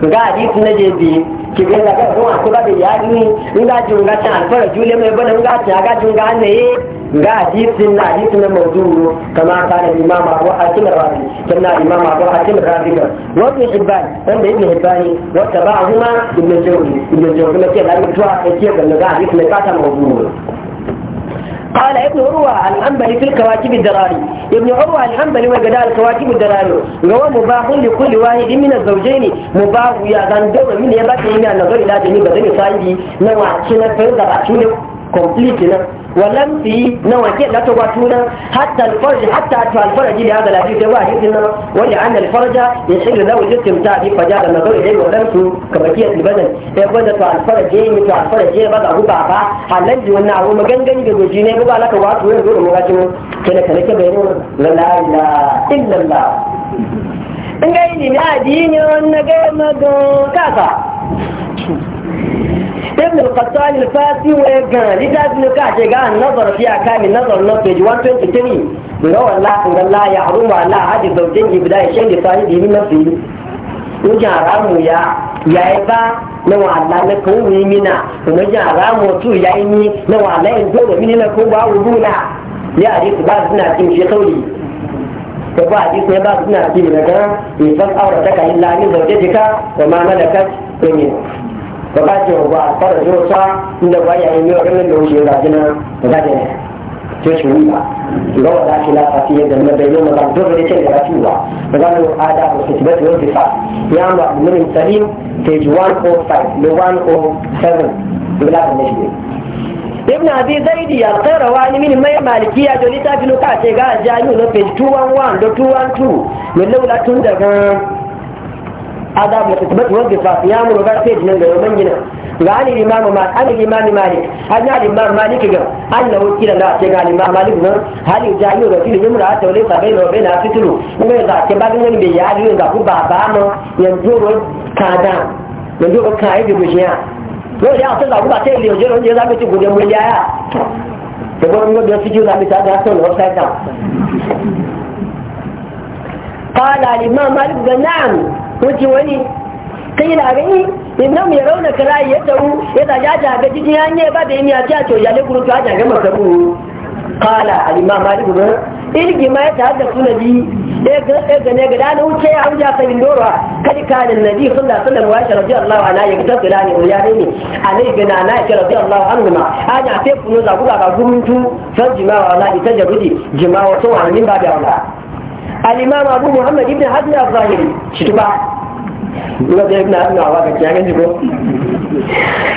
ga hadisi na je bi ki ga ga ko a kuma da yaki in ga jin ga tan fara jule mai bana ga ta ga jin ga ne ga hadisi na hadisi na mawdu'u kama kana imam Abu Hatim Razi kana imam Abu Hatim Razi ga wa ibn Hibban dan da ibn Hibban wa tabaahuma ibn Jawzi ibn Jawzi ne ke da mutuwa ke ga hadisi na kata mawdu'u قال ابن عروة الحنبلي في الكواكب الدراري ابن عروة الحنبلي وقداء الكواكب الدراري وهو مباح لكل واحد من الزوجين مباح يا غندور من يبات من نظر إلى جميع بدن صاحبي نوع شنا فرد عشونه كومبليت ولمسي نوعية لا تباتونا حتى الفرج حتى أدفع الفرج لهذا الحديث واحدنا ولعن الفرج يحل له الاستمتاع به فجعل النظر إليه ولمسه كبكية البدن يقول إيه دفع الفرج يدفع إيه؟ الفرج يبقى إيه؟ هو بابا هل نجي ونا هو مجنجن بوجينا يبقى لك واتو يزور مغاتو كلا لك كبيرون لا لا إلا الله إن إنجيني ناديني ونجي مدو كذا ibn al-qattani al-fasi wa ga litafi ne ka ce ga nazar fi akami nazar na page 123 ga wallahi ga la ya haruma ala hadi baka ce ba fara zo sa inda ba ya yi wannan da wuce ga jina da ga ne ce shi ni ba ga wanda shi la fasi yadda na bai yana ba dole ne ce ga shi ba da ga no ada ko su tibat yau difa ya ma min salim page 105 da 107 bila da ne shi ibn abi zaidi ya qarawani min mai malikiya jolita bilu ka ce ga jami'u no page 211 da 212 ne laula tun daga آداب لتثبت وقفة صيام وغير سيد من غير من جنة قال الإمام مالك أنا الإمام مالك أنا الإمام مالك قال أنه كلا لا تقع الإمام مالك هل يجعل رسول يمرأة وليس بين وبين أفتلو وإذا كباب من بيال يوم دفو بابا ما ينجور كادان ينجور كايد بجيان لو يا أصلا أبو باتي اللي يجير ونجير دامي تقول يوم بيال تقول يوم بيال تجير دامي تقول يوم بيال تقول قال الإمام مالك نعم wuce wani kan yi lagani innan ya rauna kira ya taru ya ta jaja ga jikin hanyar ba da yi ce a to yale kuru ta jaga masa kuru kala a alima mali guru ilgi ma ya ta hada suna ji ya gane ga dani wuce ya hujja sabin dora kadi kanin na nabi sallallahu alaihi wasallam ruwa ya rabbi allah wa na ya ta kira ne ya ne ne a ne gana na ya rabbi allah annu ma ana fe kunu za ku ga san fajima wa na ita jarudi jima wa to wa min ba da wala al-imam abu muhammad ibn hazm al-zahiri shi tuba ina da yana ina wa ka kiyan ji ko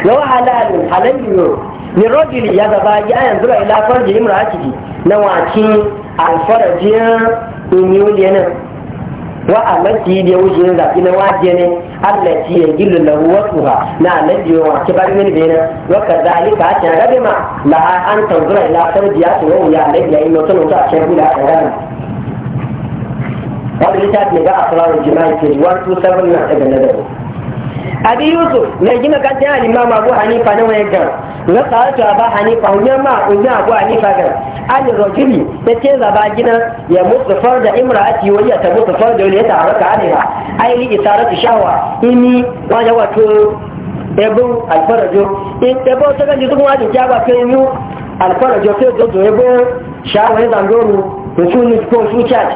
law halalun halalun ni rajuli ya gaba ya yanzu ra ila farji imra'atihi na waci alfarajin inyuliyana wa alati da wuce da ina waje ne allati ya gillu lahu wasuha na alati wa ke bari ne bena wa kadhalika ta rabe ma la an tanzura ila farji ya to ya alati ya ino to ta ce wani littafi ne za a fulawar jima'i ke 127 na daga nazarin abi yusuf mai gina kantin al'imam abu hanifa na wayan gan na tsaratu a ba hanifa hunyar ma hunyar abu hanifa gan an rajuli ya ce zaba gina ya mutu farda imra'ati wani ya tabu su farda wani ya taraka alaiha ainihin isaratu shawa ini wani wato ebun alfarajo in ebun sakan jisun wajen ba kai yi alfarajo sai zo ebun shawa ya zangoro mutum ko su charge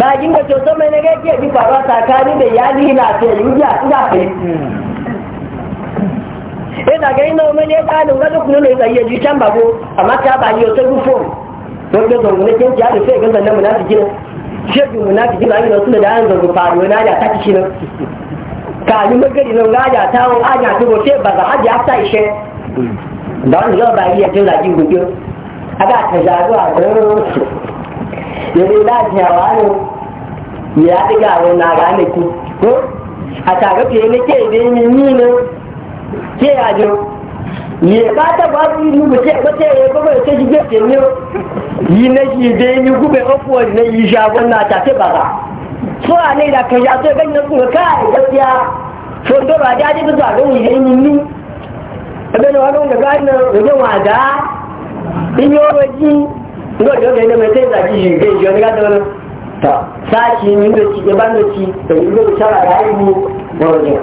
báyìí ń gbèsè sọmọ ẹni gẹ́gẹ́ bí bàbá sàkà níbẹ̀ yá ní ìlà àti ẹ̀yìn ìjà ńgàfẹ́. ina ga ina omen ya ta nan gado kuno ne zai yi can bago amma ta ba ni o sai rufo don da zango ne kin ji ala sai ga zanna munafiki ne shebi munafiki ba ni da sunan da an zango faru na ya ta kishi ne ka ni magari nan ga ya ta won aja ta go sai ba za aja ta ishe da wani zaba iya jin yanzu da jiyawa ne ya ɗiga wani na gane ku ko a tare fiye ne ke da yi ni ne ke yajo ye ba ta ba su yi kuma ce shi ke ne yi na shi da yi gube ofuwa na yi shagon na ta ce ba ba so a ne da ka ja so ga ne kuma gaskiya so to ba da ji ba za ga yi ni abin da wani wanda ga ne wajen wada in yi wajen ngo da ga e ne mai sai zaki shi kai shi ga da ta saki min da ci ya ban da ci yi da shara da yi mu wani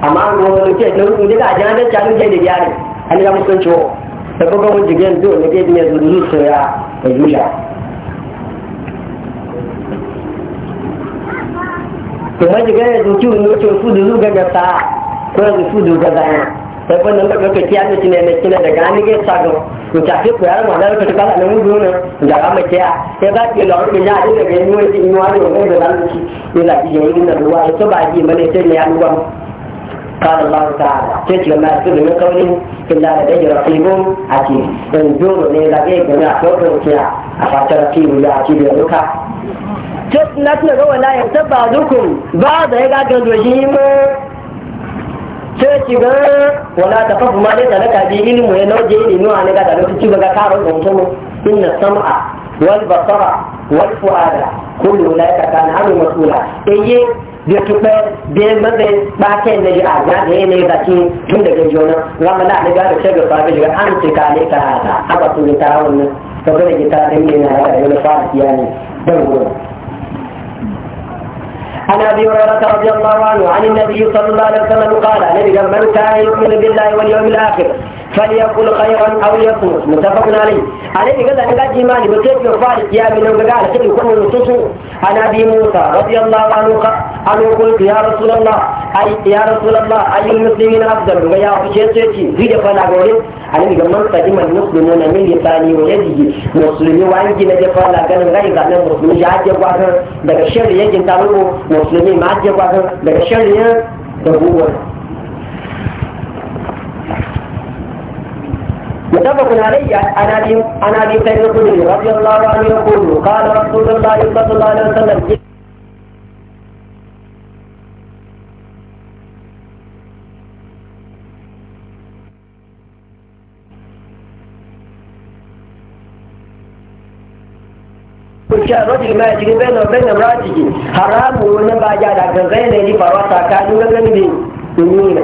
amma ngo da ke da ku da ga da ta da yare an ga musun ciwo da ko ga mun jige yanzu ne ke ne ya, soya da yusha to mai jige yanzu ki ne to su da zuga ga ta ko da su da ga da sai wannan da kake ya e ne ne kina daga an ga sago chả biết về đó mà đâu thì có lại nó a vương nữa giờ mà che thế bác chỉ nói mình ra chứ là cái nuôi thì nuôi được cái người ăn như là cái gì nên là đủ ăn số bài gì mà để trên nhà luôn قال الله تعالى في سورة ما سورة من قوله إلا لديه رقيب عتيد إن جور ليلة بيك من أحوال روكيا أفات رقيب يا عتيد يا لوكا شوف نتنا هو لا يتبع لكم بعض هيك أجل وجيمه sai ki ga wala ta fafu ma dai talaka bi ilmu ya nauje ilmi wa ne ga da lokaci ga karon da mutum inna sam'a wal basara wal fuada kullu laika kan hamu mas'ula eye da tuɓe da mazai ɓaken na ji a zaɗe ne da ki tun ga jona zama na ga da shagar ba ga an ce ka ne ka haka aba to ta wannan saboda gita da ta dinga yara da wani fara kiyaye dan gona عن ابي هريره رضي الله عنه عن النبي صلى الله عليه وسلم قال نبي من كان يؤمن بالله واليوم الاخر فليقل خيرا او ليصمت متفق عليه عليه قال انا قد ايماني بكيف يفعل يا من قال كيف يكون نصوص عن ابي موسى رضي الله عنه قال قلت يا رسول الله اي يا رسول الله اي المسلمين افضل ويا شيخ شيخ في دفع ani ga man kadi man muslimuna min lisani wa yadihi muslimi wa anji na jafa la ganin rai ga nan muslimi ya je gwa kan daga sharri yakin ta rubu muslimi ma je gwa kan daga sharri da buwar متفق عليه عن ابي عن ابي سعيد الخدري رضي الله عنه يقول قال رسول الله صلى الله عليه وسلم kuka rajul ma yajri bayna wa bayna imratihi haramu wannan ba ja da kan zai ne ni faruwa tsakanin nan nan ne dunyina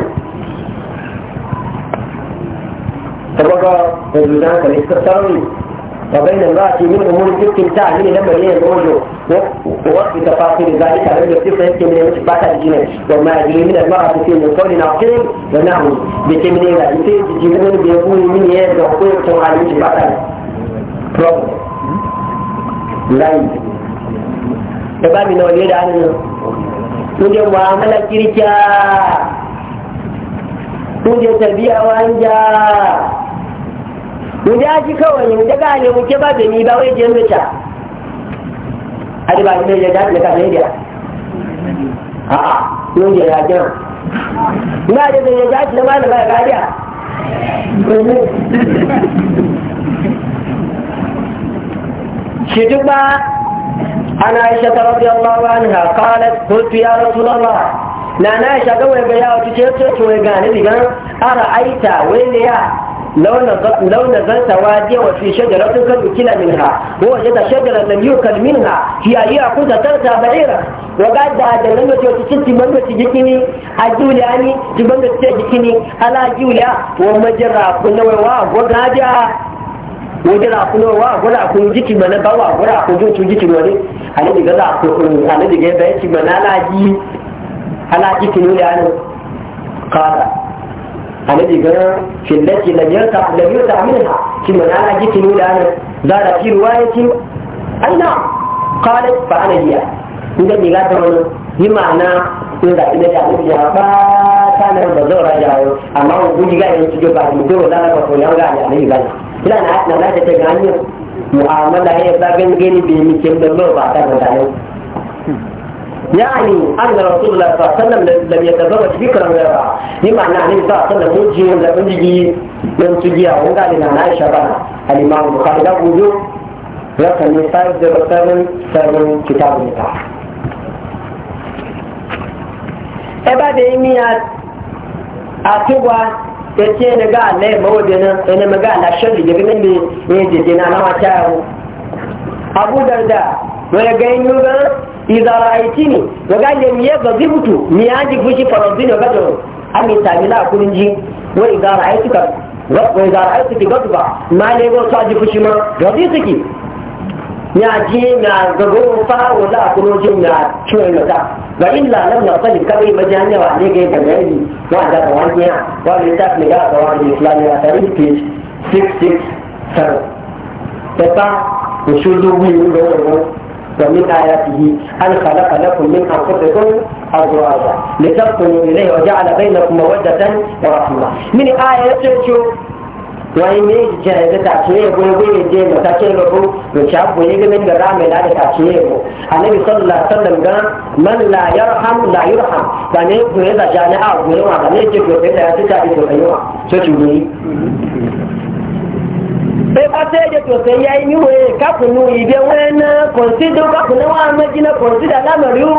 tabaga da dudan kan iska sarri wa bayna imratihi min umuri fitin ta ne nan bane ne gojo wa fi tafasir zalika da sifa yake ne mutu ba ta jinai wa ma yajri min al-mar'ati fi qawli naqim wa nahwu bi kimne da ite jinai da yabo min ne da ko to halin ba ta problem layi da ba mi na wale da hannun kuje mu'amala kirkiya kuje tabi'a wanja kuje aji kawai da daga ne muke ba da ni ba wai je ta. ali ba ne da da ka ne da a'a kun je ya jan ina da da ya ji da malama ga da شتبا أنا عائشة رضي الله عنها قالت قلت يا رسول الله نانا عائشة قوي بيا وتشيرت ويقاني لقان أرأيت وين يا لو نزلت واديا وفي شجرة كل أكل منها ووجد شجرة لم يؤكل منها في أي أقود ترتع بعيرا وقعد هذا لما تشتي من تجتني أجولي أني تبنى تجتني ألا أجولي ومجرى كل كنا وواق وقعد wajen um, a gwada akun jiki mana bawa gwada akun jotun jiki wani alaɗi ga alaɗi ga bayan ci mana alaji alaji kinu da yanin kara alaɗi ga fillaci lamiyarta lamiyarta aminha ci mana alaji kinu da yanin za da fi ruwa ya ci aina ana biya inda ne ta wani yi ma'ana ina da alaɗi ba ta nan ba zaura jawo amma wani gudu ga yanzu ba dole ko yanga ne kila na na na ta gani mu'amala ya ba gan gani bi mi kin da ba ta da ne يعني أن رسول الله صلى الله عليه وسلم لم يتزوج بكرا غيرها بمعنى أن النبي صلى الله عليه وسلم وجه لم يجي لم تجي أو قال لنا عائشة بنا الإمام البخاري له وجوه رقم 507 كتاب النكاح ebe da yi miya a tuba yake ne ga ne mawo de na ene na ga Allah sharri de ne ne ne de de na na ma cha yawo Abu Darda to ya ga yin ga idza ra'aitini ga ga ne miye ba zibtu miya ji fushi ne ga to ami tamila kunin ji wa idza ra'aituka wa idza ga ba ma ne go sa ji fushi ma gadi suke يأتي مع جبور فا ولا أكون جمع شو المتاع وإلا لم يطلب كبير مجانية وعليك يتمعيني وعدا توانيا وعليتاك لقاء تواني الإسلامي أثري بيج 667 تبا وشلو ويولو ومن آياته أن خلق لكم من أنفسكم أزواجا لتسكنوا إليه وجعل بينكم مودة ورحمة من آية تشوف wani ne ce da ta ce ya goyi goyi je da ta ce rabu da ta goyi ga da rame da ta ce ya go annabi sallallahu alaihi wasallam ga man la yarham la yurham da ne ko ya da jani a goyi wa da ne ce ko da ya ta ce ko yawa so ci goyi sai ba sai da to sai yayi ni waye ka kunu ibe wena consider ka kunu wa majina consider la mariu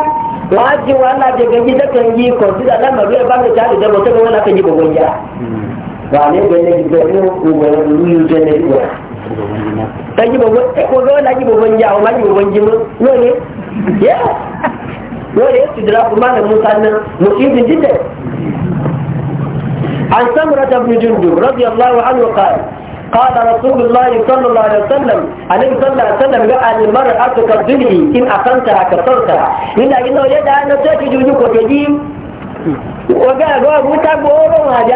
waji wala de gaji da kan yi consider la mariu ba da wàlẹ́ gbẹ̀lẹ́ gbẹ̀ ní òwò ìlú jẹ́lẹ̀ ìwọ̀ tajibogbo ekogo lajibogbo nje àwọn lajibogbo nje mu lóore yẹ lóore sidira kuma na musa na musibin dinde an samura ta bin jundu radiyallahu anhu qal قال رسول الله صلى الله عليه وسلم عليه صلى الله عليه وسلم قال المرأة كالظل إن أقمتها كسرتها إلا إنه يدعى أن تأتي جوجك وتجيب وقال قال متى بورو هذا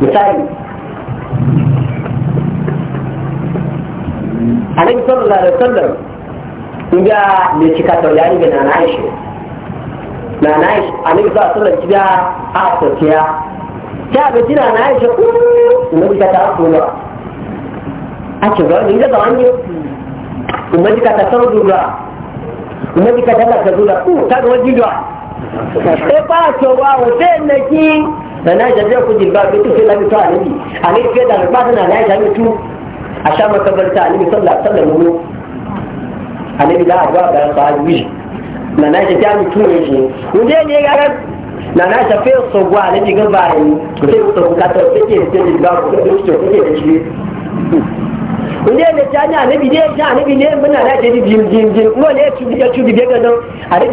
misali alaihi sallallahu alaihi wasallam inda mai cika tauyari ga nana aisha nana aisha alaihi sallallahu alaihi a tafiya ta ga jira kuma bi ka ta kuma a ce ga ni da wani kuma bi ta sau dura kuma bi ta ka dura ku ta ga wani dura e ba to wa wata sai na aisha zai ku jilba bai tufe lami to annabi a ne fiye da alba tana na aisha mutu a sha makabarta annabi sallah sallah mu annabi da addu'a ga sahabi na na aisha ta mutu ne shi mun je ne ga na na aisha fe so gwa annabi ga bayan sai ku to ka to take da jilba ku da shi to take da shi ne ne ta ni anabi ne ta anabi ne muna da jadi jim jim jim ne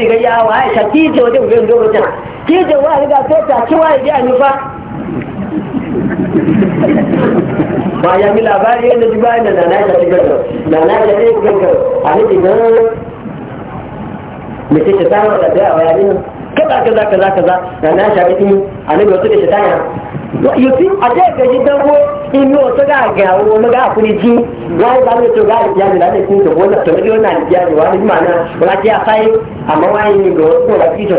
ga ya wa ti je wajen ti je wa ga ta ta ci wa ya ni fa ba ya mi labari ne ji ba na na ta ga na na ta ga anabi ce ta wa da da wa ya kaza kaza kaza kaza na na shafi tini annabi wasu da shaitana yusi a ta ga shi dan ko in no to ga ga wo no ga kuni ji wai ba ne to ga ya ne da ne kun to wannan to ne wannan ya ne wani mana wala ji a sai amma wai ne ga wasu da fito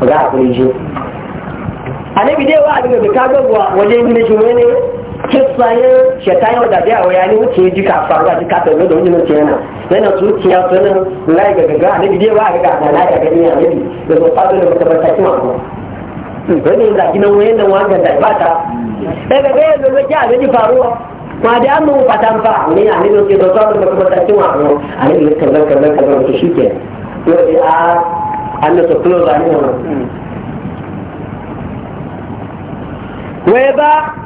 ga kuni ji annabi dai wa a daga ka ga waje ne shi wani kisayen shekayen da biya wa yani wuce ji ka faruwa ji ka tabbata da wujinin kenan yana zuciya sunan lai ga gaga a nabi dewa ga gaga na ga gani a nabi da zo fado da makabarta kuma ko wani da gina wayan nan wanda da bata eh ga gaya da zaki a nabi faruwa ma da an mu fatan fa ne a nabi ke da fado da makabarta kuma ko a nabi ya kallon kallon kallon to shi ke yau a an da to close a ne wannan wai ba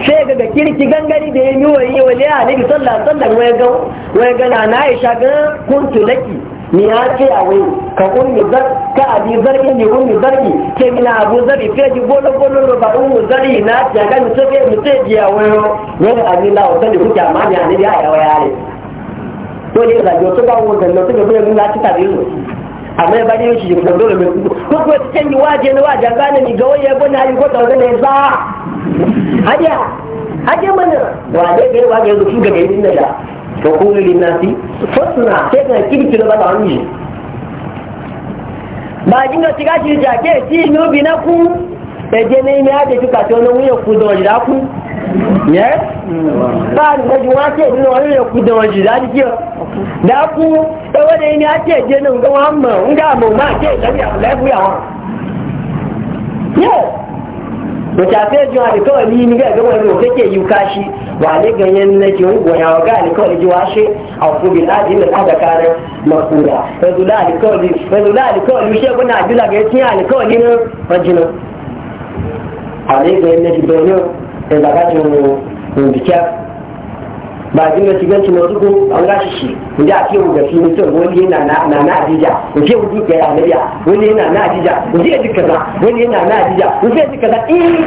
sai ga ga kirki gangari da ya yi wa yi wa liya ne bi sallah sallah wai ga wai ga na Aisha ga kuntu laki ni ya ce a wai ka ummi zar ka abi zarki ni ummi zargi, ce mina abu zari feji bolo bolo ba ummi zari na ta ga ni sai ke mutum ji a wayo ne da abi la wata da kuke amma ne ne ya ya waya ne to ne da yo to ba wo da no to ga mun la ci ta biyu amma ya bari yau shi ko dole mai ko ko ta canji waje na waje gane ni ga waye ko na yi ko da wani ne za hadiya hadiya mana wa zai kai wa ga yanzu ga gari din da to kullu linnasi fasuna sai ga kirki ba ba jinga tiga ji jake ti no binaku ẹ̀jẹ̀ ní ní àjẹ̀túkà tí wọ́n wúyẹ̀ kú dán ọ̀jìdá kú yẹ́ báàlù lọ́jù wọ́n áṣẹ́ ìdúnà wọ́n wúyẹ̀ kú dán ọ̀jìdá wace a sai jiwa da kawai ni ni ga wani wata ke yuka kashi wa ne ganyen na ke wani goya wa ga alkawari shi a kubin adi na kada kare makura razula alkawari razula alkawari shi ko na jula ga tiya alkawari na rajina a ne ganyen na da ba jin da shiganci na zuku an gashi shi inda ake mu gafi mutum wani yana na na ajiya inda mu duka ya nabiya wani yana na ajiya inda ya duka za wani yana na ajiya inda ya duka za eh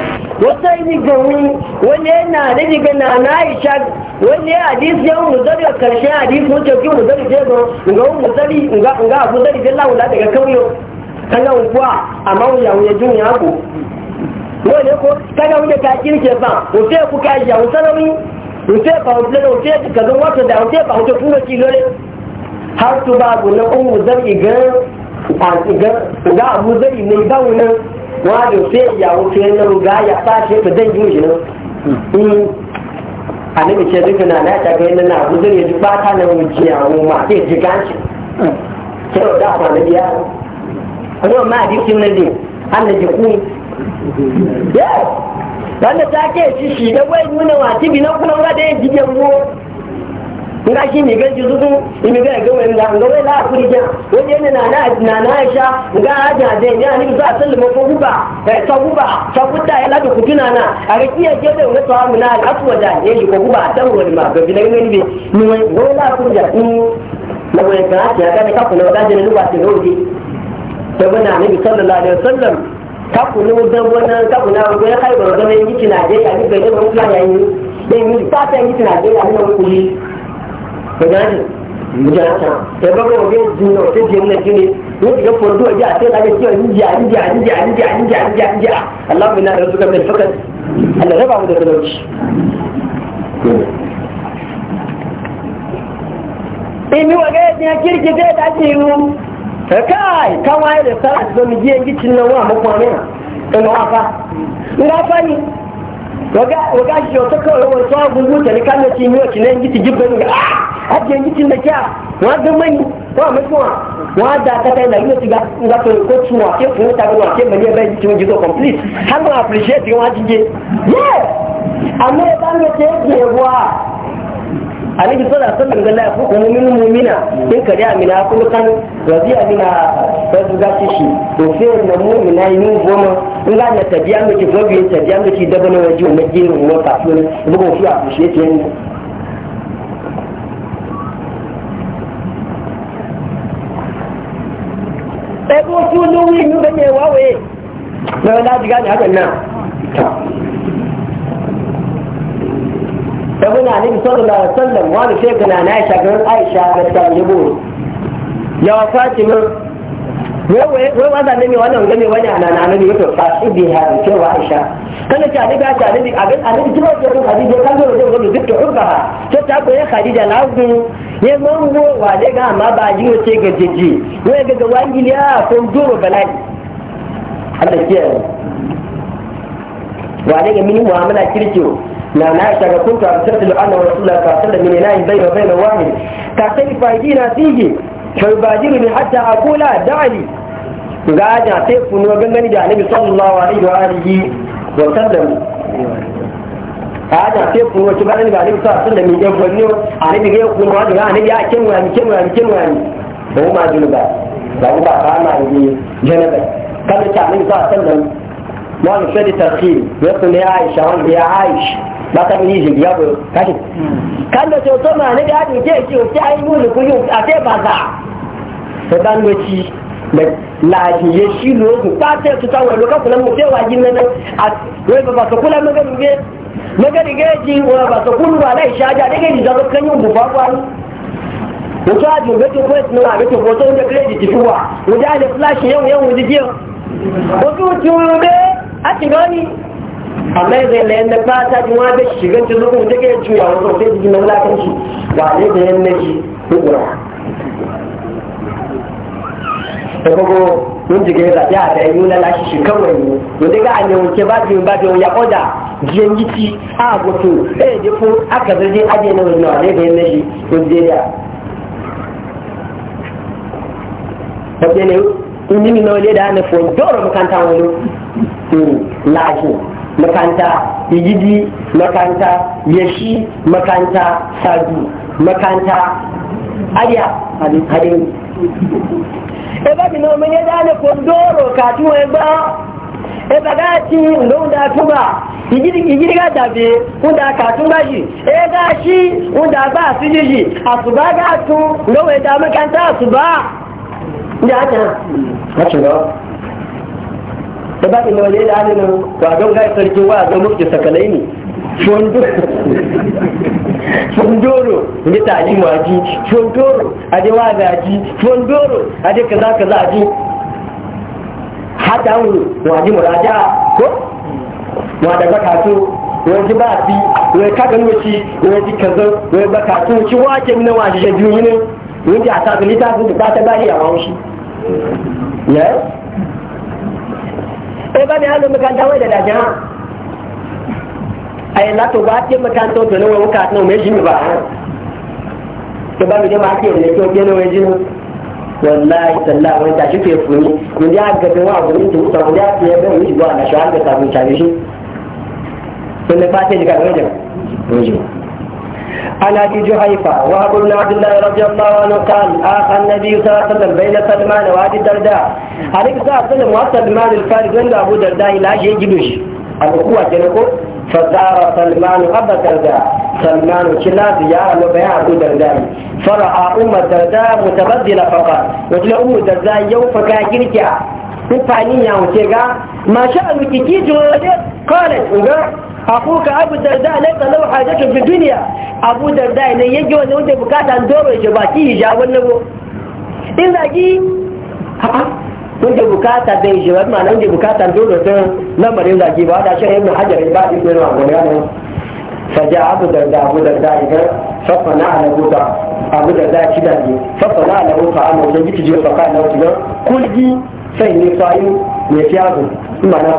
wata yi ni gani wani yana da diga na na aisha wani ya hadisi ya mu zari a karshen hadisi mutum ki mu zari je go ga mu zari ga ga abu zari da lawo da daga kauyo kana kuwa amma wuya wuya jin ya ko wani ko kana wuya ka kirke ba ko sai ku ka ya sarawin wuce ka wuce da wuce ka zan wata da wuce ka wuce kuma ki gare har su ba gona umu zan igar ga abu zai mai ba wunan wajen sai ya wuce na ruga ya fashe ka zan yi shi nan annabi ce duka na na ta ga yana na abu zai ji ta na wuce a ma sai ji ganci sai da ba na biya wani ma a dikin nan ne an da ji ku wanda ta ke shi shi da wai nuna wa bi na kuma ga da ya jige mu nga shi mi ga juzu mi ga ga wani da ga la kuri ja wani yana na na na na sha nga aja ani za ta limo ko guba eh ta guba ta ya la da kutuna na a ga da wani na al'aswa da ne shi ko guba dan wani ma ga ni na ga ta ga ka kula da ne ni wa ta gaudi bana sallallahu kakunu dambo nan kakuna ko ya kai baro dambo yiki na je ya ni be dambo kula ya ni be ni ta ta yiki na je ya ni ko ni ko ga ni mu ja ta e ba ko ge ji no te je ne jini ni ga for do ja te la ga ji ni ja ni ja ni ja ni ja ni ja ni ja ni ja Allah bina da su ga min fakat Allah raba mu da talauci Imi wa ga ya kirki zai dace mu Eh, kai ka waye da sara da mu je gicin nan wa mu kwane na eh, in wa fa nga fa ni waga waga shi to ka wa to gugu ta kan ne timi wa kinan gici jibban ga ah! a je gicin da kya wa da mani wa mu kuma wa da ka tai na yuti ga ga to ko tuwa ke ko ta ga ke mani bai gicin gizo complete har ma appreciate ga wa jige yes amma ya ban ne ke wa annabi sallallahu alaihi wasallam ya fuka mu'minu mu'mina in kare amina kulkan rabi amina ba su ga shi to sai wannan mu'mina yin goma in ga na tabiya miki gobe tabiya miki da o waje mu girin mu ta so ne ko fiya ku shi yake ẹgbẹ́ tí ó lówó inú bẹ́ẹ̀ wáwé lọ́wọ́ láti gáàdì àgbẹ̀ náà da muna nabi sallallahu alaihi wasallam ne shekara na na shagarin aisha ga ta ya fatima, min wai wanda ne mai wannan wani ana na nabi wato fa shi ce wa aisha kana ta nabi ta nabi abin annabi kuma ya rubuta hadisi kan zo ka wani dukkan urba to ta ko ya wa ba ji ce ga jiji wai ga ga wani ya ah, ko duro bala'i Allah ya wa ga mini mu'amala kirkiyo na na aisha ga kunta amsatu anna rasulullah sallallahu alaihi wasallam min ilahin bayna bayna wahid ka sai faidina fiji fa yubadiru bi hatta aqula da'ali ga ja sai funo gangani da annabi sallallahu alaihi wa alihi wa sallam ada sai funo ci bani da annabi sallallahu alaihi wa sallam ya funo annabi ga funo da annabi ya kenwa ni kenwa ni kenwa ni ko ma dinu ba ba ba ma ni janaba kada ta annabi sallallahu alaihi wa sallam wani fedi tarfil ya kule ya aisha wani ya aisha ba ta bi yijin ya goyo kashi kan da to ma ne da hadin ke ki ki ai mu ne kuyu a te baza to dan goci da laji ya shi lo ku ta te su ta wani ka kula mu te wajin nan a wai ba ka kula mu ga mu ge mu ga dige ji wa ba ka kula ba lai shaja dige ji da kan yin buba ba mutu a jirgin to kwes na abin to hoton da kredit tuwa mu da ne flash yau yau mu dige ko tu tu a ti gani amma yanzu yadda ba ta ji wa da shiga ta zuwa da ke juya wani sosai na wulakanci ba ne da yadda ji hukura da kogo ya a bayan yuna lashi shi kawai ne to daga an yi wuce ba biyun ba biyun ya ƙoda jiyan gici a goto ɗaya da fun aka zarje ajiye na wani nawa ne da yadda lafu makanta yigidi makanta yashi makanta sadu makanta ariya hadin ebe bi na omenye da kondoro kati wọn gbọ́ ebe ga ndo da tuba igiri ga dabe nda ka ba shi e shi nda ba su ji shi asuba ga tun ndo da makanta asuba ndi aka na da ba ina waje da halin ba don ga sarki wa ga muke sakalai ne fondoro ne ta ji waji fondoro a je wa gaji fondoro a je kaza kaza a ji hata wuri waji muraja ko wa da bakatu wai ji ba bi wai ka nuci wai ji kaza wai bakatu ci wake mina waji da juyi ne wanda a sa ta lita sun da ta bari a waushi yes sai ba mai halin makaranta wai da dajin a yi lato ba ce makaranta wata nawa wuka na mai shi ba ta ba mu je ma ake da kyau ke nawa jini wallahi sallah wani tashi ke funi mun ya wa ta wuta mun ya wani shigo a na shawar da kafin shafi shi sun da fata ne kafin عن ابي جحيفه وابو بن عبد الله رضي الله عنه قال اخى النبي صلى الله عليه وسلم بين سلمان وابي الدرداء عليك صلى الله عليه وسلم وسلمان الفارس عند ابو الدرداء لا شيء ابو قوه جنكو فزار سلمان ابا الدرداء سلمان كلا زيارة لبيع أبو الدرداء فرأى أم الدرداء متبدلة فقال وقال أم الدرداء يوم فكاكيرك in fani ya wuce ga masha alwiki kijo ne college ga akuka abu darda laifin lau hajjatun fi duniya abu darda ne ji wani wanda bukata doro ya ba ki ja wannan bo in zagi wanda bukata da ya ba ma wanda bukata doro ta lamarin zagi ba da shi yi hajar ba ibn rawi ne faja abu darda abu darda idan na ala buda abu darda ci da ne fafana ala buda a wajen jiki jiya na kana wajen kulgi sai ne fayu ne fiyazu ma na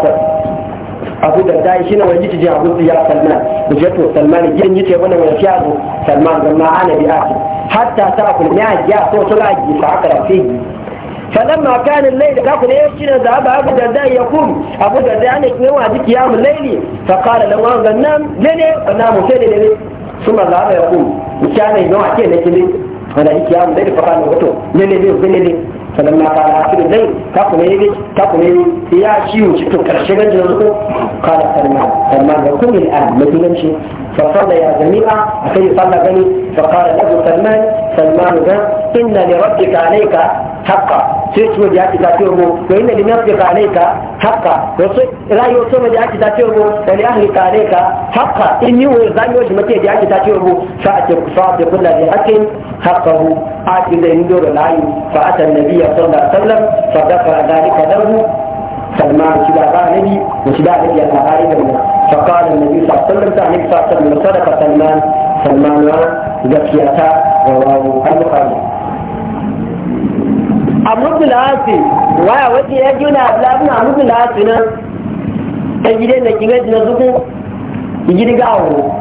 abu da dai shi ne wani jiji abu ya salman da je to salman gidan yace wannan wani shi zo salman zan ma ana bi aki hatta ta ku ne ya so to la ji fa aka rafi فلما كان الليل تاكل ايش كده ذهب ابو الدرداء يقوم ابو الدرداء انك نوى قيام الليل فقال لما قال نام ليلي نام فين ليلي ثم ذهب يقوم وكان ينوى كده كده ولا قيام الليل فقال له ليلي ليلي فلما قال اخر زين تقنيني تقنيني يا شيو شفتو كرشه جنجل رزقو قال سلمان سلمان وكل الان ما تنمشي فصلى يا جميعا اخي صلى بني فقال له سلمان سلمان ده ان لربك عليك حقا sai ciwo da yaki tafiyo mu to inda limiyar da alaika haka wasu rayuwa so da yaki tafiyo mu da ni ahli ka alaika haka in yi wa zaniyo shi mace da yaki tafiyo mu fa a cikin fa da kula da hakin haka hu a cikin da yin dole layu fa a tan nabiya sallallahu alaihi wasallam fa da fara dalika darbu سلمان شبا غالبي وشبا غالبي أنا غالبي فقال النبي صلى الله عليه وسلم تعليم صلى الله عليه وسلم صدق سلمان سلمان وزكيتا رواه البخاري amutulasi waya wace ya juna abulabun amutulasi nan ta gidan da kiga jina zuku gidi gawo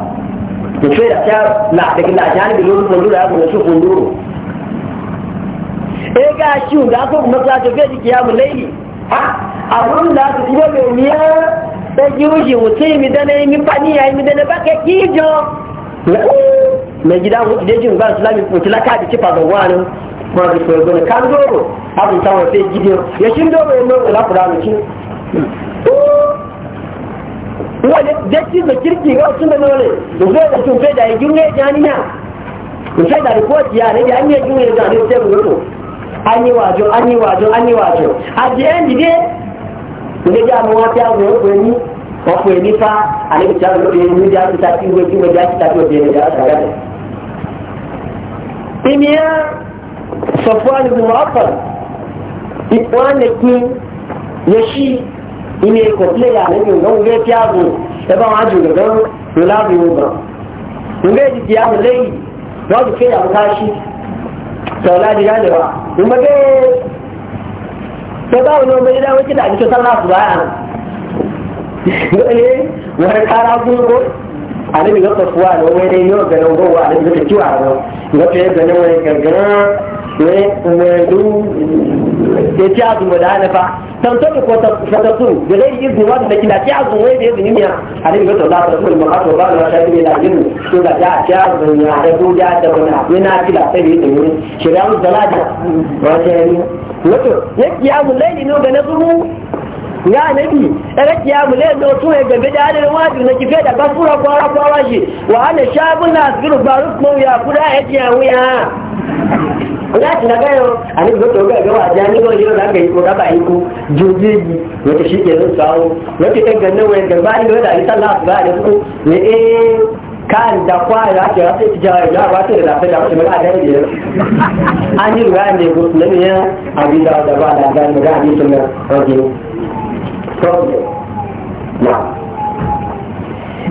da da ta la da kila ta ne bilu ko dura ko su ko e ga shi ga ko kuma ta ta kiyamu laili ha abun da be miya ta mi dane mi fani yayi mi dane ba ke kijo mai gida da jin ba islami ko tilaka da kifa ga wani ma da ke gona kan doro abin ta wafe gidiyo ya shi doro ya nuna la fura shi wani dakki da kirki ga sun da nole da zai da sun faida ya ginge janiya in faida da kowace da an yi ginge sai mu an yi wajo an yi wajo an yi wajo a jiyan jide ne mu wata ya zo ko ni ko ko ni fa ale ta da ni da ta ti go go ta go da ta ga da imiya safwan ibn mu'affal ikwane kin yashi ine komple ya ne ngon nge tiago e ba ma ju ngon yola bi ngon nge di tiago lei do di ke ya kashi to la di gane ba kuma ke to ba wono me da wuce da ni to sallah su baya eh wa kara gungo ani mi ga safwan o wai ne yo ga ngon wa ne ga ciwa ngon ga te ga ne wai ga Eh, ya eh, ci azumin da hanafa tantobi ko fatattu da zai yi izini wanda kina ci azumin wai da izini miya a nan gato za ta kuma ba da wata kuma da jini so da ta ci azumin ya da doja da wani abu na ci da sai da izini shirya zalaja wata yari wato ya ki yamu laili no ga na ya nabi ɗaga kiyamu laili no tun ya gabe da hannun wajin na kife da basura kwara kwara shi wa hannun shabuna su giru baruk mawuya kuda ya ciyawu ya ọjà àti nàgá yọ àní gbọ́dọ̀ ọgá ẹgbẹ́ wà jẹ anígbọ yìí ọgá kẹ ikú rábà ikú ju ojú èyí wọn ti ṣe kẹrin sọ àwọn wọn ti kẹgẹ náà wọn ẹgbẹ́ bá ní lọ́dà yìí sálà àtúgbà rẹ fún ní ẹ káàdì dàkọ àyà àti àti ìjà ìjà àwọn àti ìrìnà fẹjà wọn ti mẹ́ta àdá ìdíyẹ a ní ìwé àmì ìbò lẹ́nu yẹn àbí ìjà ọjà bá àdá àgbà nígbà àbí ìtumọ̀ ọjọ́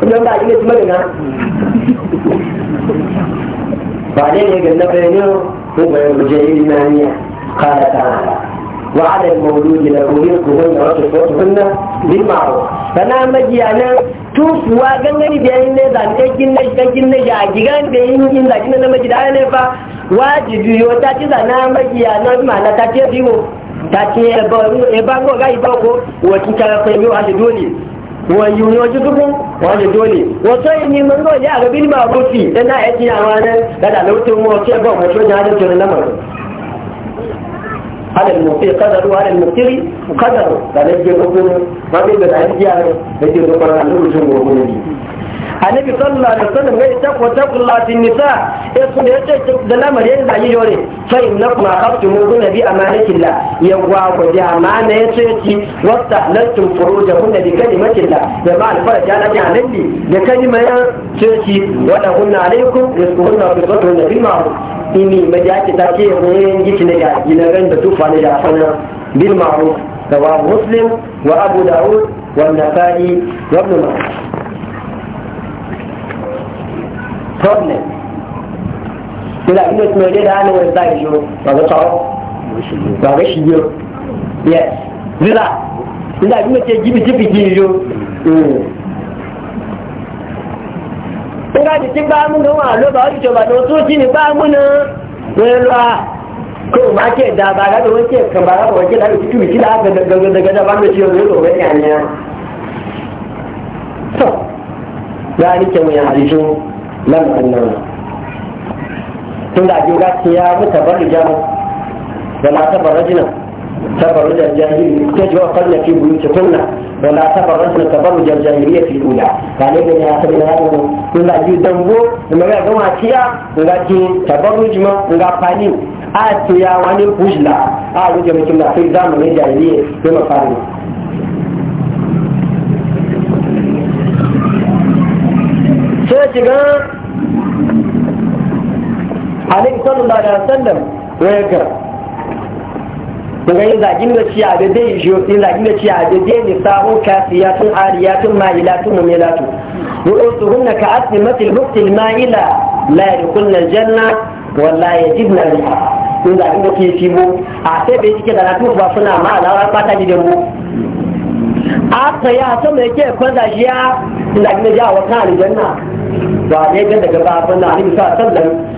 kusan ba ile kuma ina ba ne ne ga na bayanin ko bayan mujahidi ta niyya قال تعالى وعلى المولود له رزقهن وكسوتهن بالمعروف فانا مجي انا توف واغنغني بيان ne za ta kin ne kan kin ne ya gigan da yin kin da kin na miji ne fa wajibi yo ta ci za na na ma na ta ce biwo ta ce ba ba ga ko wa kin ta fa yo ha dole wọn yi wajen dukun wani dole wato yi ni mun zoje a gabin ba rufi dan na yaki a wani da da lautin mu wace ba wato da hada jirin lamar hada mufi kadaru hada mufi kadaru da nake dukun ma bai da hadiya da ke dukun a lokacin gobe ne annabi sallallahu alaihi wasallam ya ta ko ta kullati nisa eh, ya su da yace da lamari yana yi yore fa inna ma khaftumu bi nabi amanatillah yawa ko da amana yace ci wasta furuja kun bi kalimatillah da ma faraja ya ji annabi da kalima ya ce ci wa da kunna alaikum rizquhunna bi qadri nabi ma'ruf ini majaki ta ce ne gici ne da ginan da tufa ne da sanan bil ma'ruf رواه مسلم وابو داود والنسائي وابن ماجه problem ìlà ilé tí mo dé dáa ní wọn báyìí yó wàá sọ wàá bẹ ṣì yó yes rírà ìlà ilé tí jìbìtì fìdí yó nígbà ba tí bá múnú wọn àlọ́ bá ọjọ́ bá tó tún tí ní bá da ba lọ à kó o máa ba dáa bá lábẹ́ wọn kẹ́ kàn bá lábẹ́ wọn kẹ́ lábẹ́ títí wìtí láàbẹ̀ gẹ́gẹ́gẹ́gẹ́ bá lọ sí nya nya. So, ya yàn. tó yára ní kẹwìn àdìsó nan annan tun da ga ce ya muka bar rijama wala tabar rajulan ta ji wa kalla fi buyu ta kunna da buyutikunna wala tabarrujna tabarruj al-jahiliyyah fi buya ula kale da ya tabi da yaro tun da ji dango da ga gama ciya ga ci tabarruj ma ga fani a ce ya wani bujla a ruje mutum da sai zamanin jahiliyyah sai mafari sai ki ga alaihi sallallahu alaihi wasallam waya ga daga yin zagin da ciya da dai shi zagin da ciya da dai ne sahu kasiyatun ariyatun ma'ilatun mumilatun ru'usuhunna ka asli matil muktil ma'ila la yadkhulna aljanna wala yajidna riha yin zagin da ke shi mu a sai bai cike da na tuba suna ma alawa fata da mu a ta ya sama kwanza shi ya zagin da ciya wa kan aljanna ba dai ga daga babana alaihi sallallahu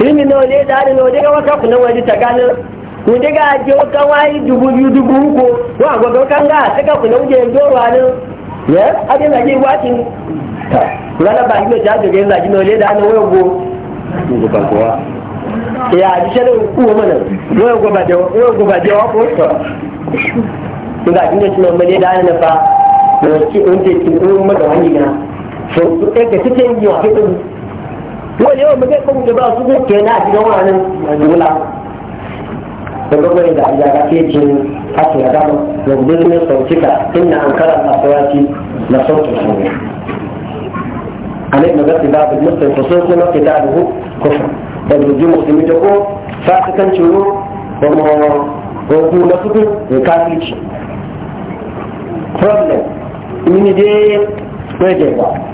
ilimi na waje da hannun waje ga wata kuna waje ta ganin ku daga aje wata wayi dubu biyu dubu uku wa gwagwa kan ga suka kuna waje yin doro ya abin da ke wakin rana ba yi ta jajo zagi na waje da hannun wayo go ya ji shaɗa kuwa mana wayo go ba wa ko to ga inda suna mai da hannun fa wani ke wani ke wani magawani na so ɗaya ga cikin yi wa kai wani yawan ba zai kuma da ba su ko ke na a cikin wani wula da gwagwai da ya ke jin haka ya gama da gudun ne sautika inna an kara asirati na sautin da abubu مدرسة باب المسلم خصوصا كتابه كفر فالرجوع مسلم تقول فاسقا شروع وما وقول نفسه وكافيش problem ini dia kerja ba.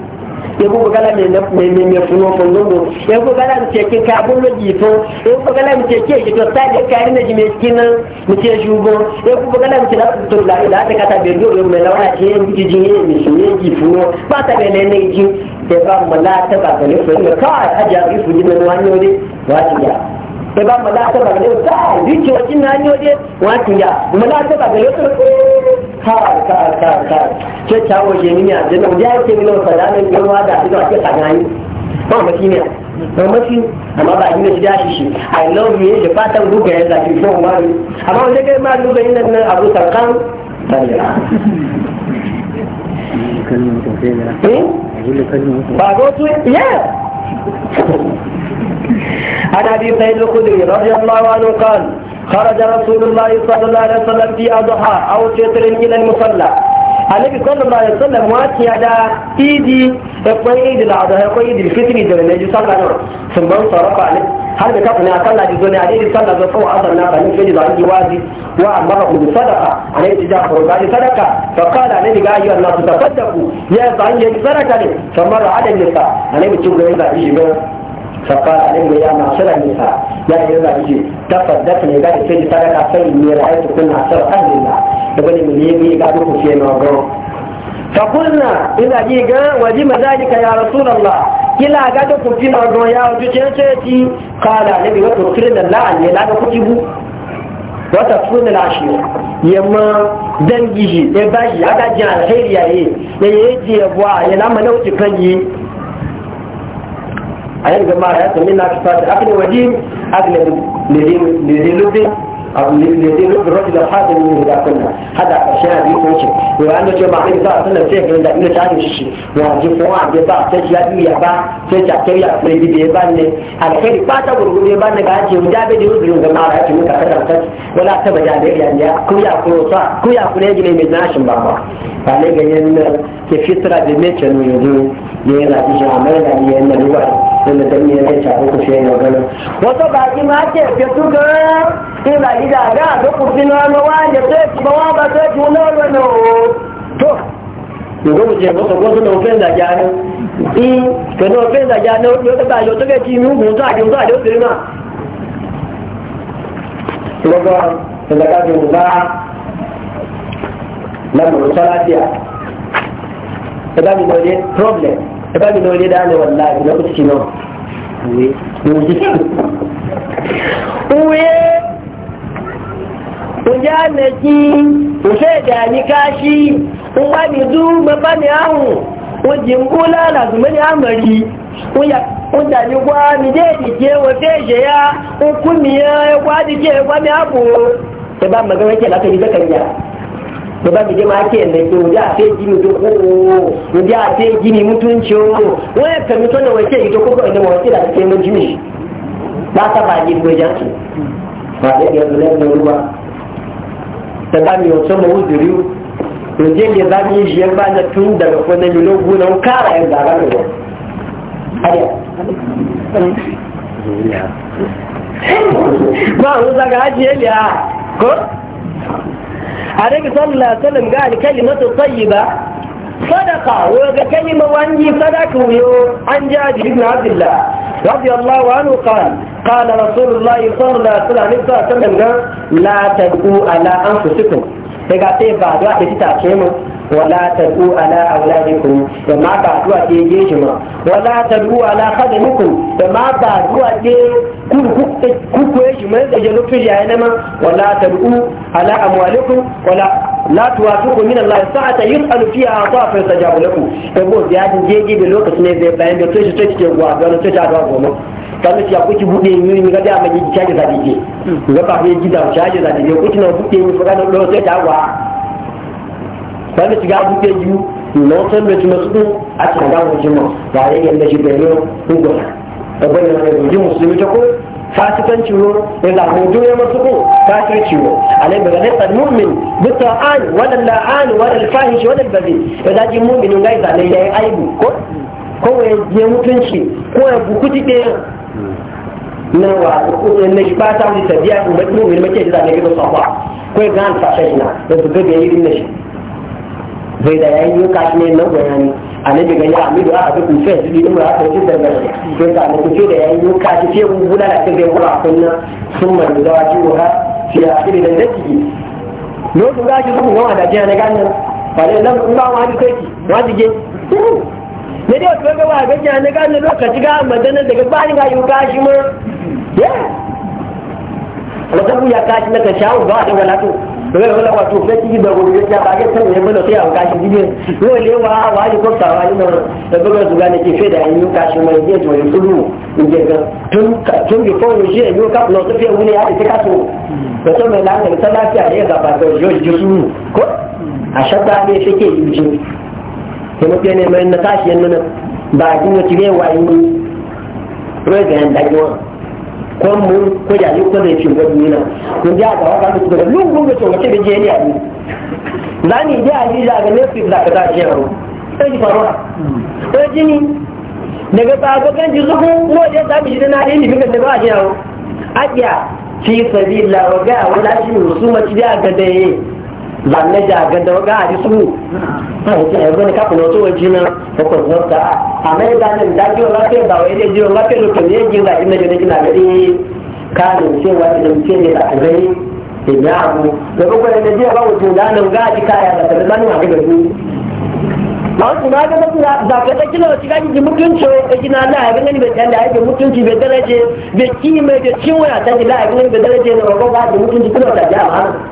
yabo gala me me me me funo funo do yabo gala mu ce ke ka bullo jito yabo gala mu ce ke ke to sai da kare na jime cikin nan mu ce shugo yabo gala mu ce da to la ila ta kata be do me lawa ce yin ji ne mi su ji funo ba ta be ne ne ji da ba mu la ta ba ne so ne ka aja ifu ji ne wani ne wani ya da ba malaka ba ne ta dike wakin na ne waje ya ba kawai kawai kawai kawai ke kyawo je mini a jana wajen yake mini wasa da nan yawa da ake ake tsagani ba mafi ne ba mafi amma ba gina shi dashi shi i love you da fatan ruga ya zafi ko umaru amma wajen kai ma ruga yin nan abu sarkan barira ba ga wasu eh? yeah عن أبي سعيد الخدري رضي الله عنه قال خرج رسول الله صلى الله عليه وسلم في أضحى أو شتر إلى المصلى النبي صلى الله عليه وسلم واتي على إيدي يقول إيد الأضحى يقول إيد الفطر إذا النبي صلى الله عليه وسلم ثم انصرف عليه هل بكفنا أقل جزوني عليه صلى الله عليه وسلم أصلا نار أن يفجد عنه وازي وأمره بصدقة عن اتجاه خروج عليه صدقة فقال عليه يا أيها الناس تصدقوا يا صحيح صدقة فمر على النساء النبي تقول إذا إيش فقال عليه يا معشر النساء يا ايها الناس تصدقني قال في صدقه فاني رايت كنا اكثر اهل الله يقول من يجي قالوا في نور فقلنا اذا جيغا وجم ذلك يا رسول الله kila ga da kuti na don ya wuce ce ce ci kala ne bi wato kirin da la'a ne la ga kuti bu wata tuni lashe yamma dangi shi e alheri yayi yi e yi ya bua ya na mana yi أيام جماعة يأتي منا كفاة أكل ودين أكل لذي لذي لذي لذي الرجل الحاكم من إذا كنا هذا أشياء دي فوشي وأنا شو ما عندي صار سنة سيف عند إنه تعرف شيء وأنا شو فوق عندي صار سيف لا بيا با سيف أكتر يا فريدي بيبان على خير فاتا برجول بيبان نقاعد شو مجاب دي وزير جماعة يأتي منا كفاة أكتر ولا تبى جاب يعني كويا كوسا كويا كليه جميع مزناش بابا فعليه يعني جنين كيف يصير هذا ميتشن ويجون ne yana fi shi amma yana ne yana ruwa wanda ta iya zai shafi ku shi yana ganin wasu baki ma ce ke su ga sai ba gida ga ga kurfi na wani wani da sai ci ba wani ba sai ci wani wani to yóò gbé jẹ mọ́tò gbọ́n tó lọ fẹ́ ìdájá ní í pẹ̀lú ọ̀fẹ́ ìdájá ní ó tó báyọ̀ tó kẹ́kí inú ògùn tó àjọ tó àjọ tèrè náà lọ́gbọ́n ìdájá tó lẹ́mọ̀ọ́ sọ́lá ẹ̀bá mi lọ́ọ́ problem ẹ̀bá mi lọ́ọ́ lé dáálẹ̀ wà láàyè lọ́ọ́ ti lọ. Uwe Oúnjẹ àmẹ́jì, òṣèlè ìdàní káṣí, ń bá mi dú mẹ́fà ní àrùn, ó jì ń kú lára àdùnmẹ́ ní àmọ̀rí, ó yà mutane kwa mi je dike ya hukumi ya kwa dike kwa mi abu sai ba magana ke lafiya zakariya bàbá mi jẹ́ máa kí ẹ̀mẹ́ tó ǹjẹ́ àti èjì mi tó kó o ǹjẹ́ àti èjì mi mú tó ń ṣe o wọ́n yẹ kẹ̀mí tó náà wọ́n ṣe èyí tó kókó ẹ̀dẹ̀ wọ́n ṣe láti ṣe lójú mi bá sábà yé gbé jà tù pàdé ẹ̀gẹ́ ọ̀dọ̀ lẹ́nu olúwa bàbá mi ò sọ mọ òwúzù rí o ǹjẹ́ lè bá mi yẹ bá na tún dàgbà fún ẹni lógún náà kára ẹ̀ gbàgbà mi wọ̀ báwo ló sàgá á di èlé kó. annabi sallallahu alaihi wasallam ga alkalimatu tayyiba صدقة وكلمة وانجي صدقة عن جابر بن عبد الله رضي الله عنه قال قال رسول الله صلى الله عليه وسلم لا تدعوا على أنفسكم فقالت بعد واحد تتعشمه ولا تدعوا على أولادكم فما بعدوا تيجيشما ولا تدعوا على خدمكم فما بعدوا تيجيشما يجلو في جهنم ولا تدعوا على أموالكم ولا لا توافقوا من الله ساعة يسأل فيها أعطاء فيستجاب لكم يقول زيادة جيجي بالوقت نزي بأن ta ya kuki bude ni ni ga da mai ji da dije ga ba ji da dije kuki na bude ni na lo ta wanda shiga buke yi na wasan da cima su a cikin gawar jima ba ya yanda shi da yau hukuna da bayan da guji musulmi ta ko fasikan ciwo da zamu juya masu ko kafir ciwo alai daga nan al mu'min bita an wala la an wala al fahish wala al badi da daji mu'minin gai zalai yayi aibu ko ko ya je mutunci ko ya bukuti ɗaya na wa na shi fata wani tabiya ko mu'min mace da zalai ga safa ko ga an fashe na da su ga yayi din shi zai da yayin yi kashi ne na bayani a annabi gani a mido aka duk kusa su dinu ba ta cikin daga to ta annabi ce da yayin yi kashi ce mun bula da cikin kura kunna sun mai da waji wa ha fi akiri da daki lokacin da ake zuwa wa da jiya na ganin ba ne nan kuma ma ji kai ma ji ge ne dai wato ga wa ga jiya na ganin lokaci ga madana daga bani ga yi kashi ma ya wata buya kashi na ta shawo ba da walato bẹ́ẹ̀ ló lọ́wọ́ tó fẹ́ kí ìbẹ̀wò ìwé tí a bá gé sẹ́yìn ẹgbẹ́ lọ sí àwọn káṣí dídé yóò lé wa wàá yìí kó fà wá nínú ẹgbẹ́ lọ sùgbà ní ti fẹ́ẹ̀dà ẹ̀yìn káṣí mọ ìdí ẹ̀jọ̀ yìí fúlù ìjẹ̀gẹ̀ tó ń fọ́ ojú ẹ̀yìn kápùlọ tó fi ẹ̀wúlẹ̀ á lè fi káṣó pẹ̀tọ́ a là ń rìn sọ́láṣí àyẹ̀ gàbàtọ̀ yóò ju sùúrù kó àṣàgbà ní efeke ìlú ju tẹmọtẹ ní ẹmẹ ní káṣí ẹnu náà bàá ko mu ko ya yi ko da yake gwadi kun ji aka waka su daga lungun da tsoka da je ya ni zani ji ali da ga ne da ka ta je ro sai ji farora sai ji ni daga ba ga kan ji zuku mo je ta bi na ni bi kan da ba je ro adiya fi sabilillah wa ga wala shi musuma ci da ga da zanne jaga da waga a jisu a yi tsaye gani kafin wato waje na bakwai zuwa a mai zanen da jiwa lafiya ba wai jiwa lafiya da kuma yin gina ina jini gina gari kanin cewa da mace ne da gari da ya abu da bakwai da jiya ba wato da nan ga ji kaya da tare zanen a gaba su ba wasu na ga mafi da ka tsaki na wasu gaji ji mutunci a gina na a ganin bai tsaye da ake mutunci bai daraje bai kima da ciwo ya tsaye da a ganin bai daraje na babban ba da mutunci kuma ta ji a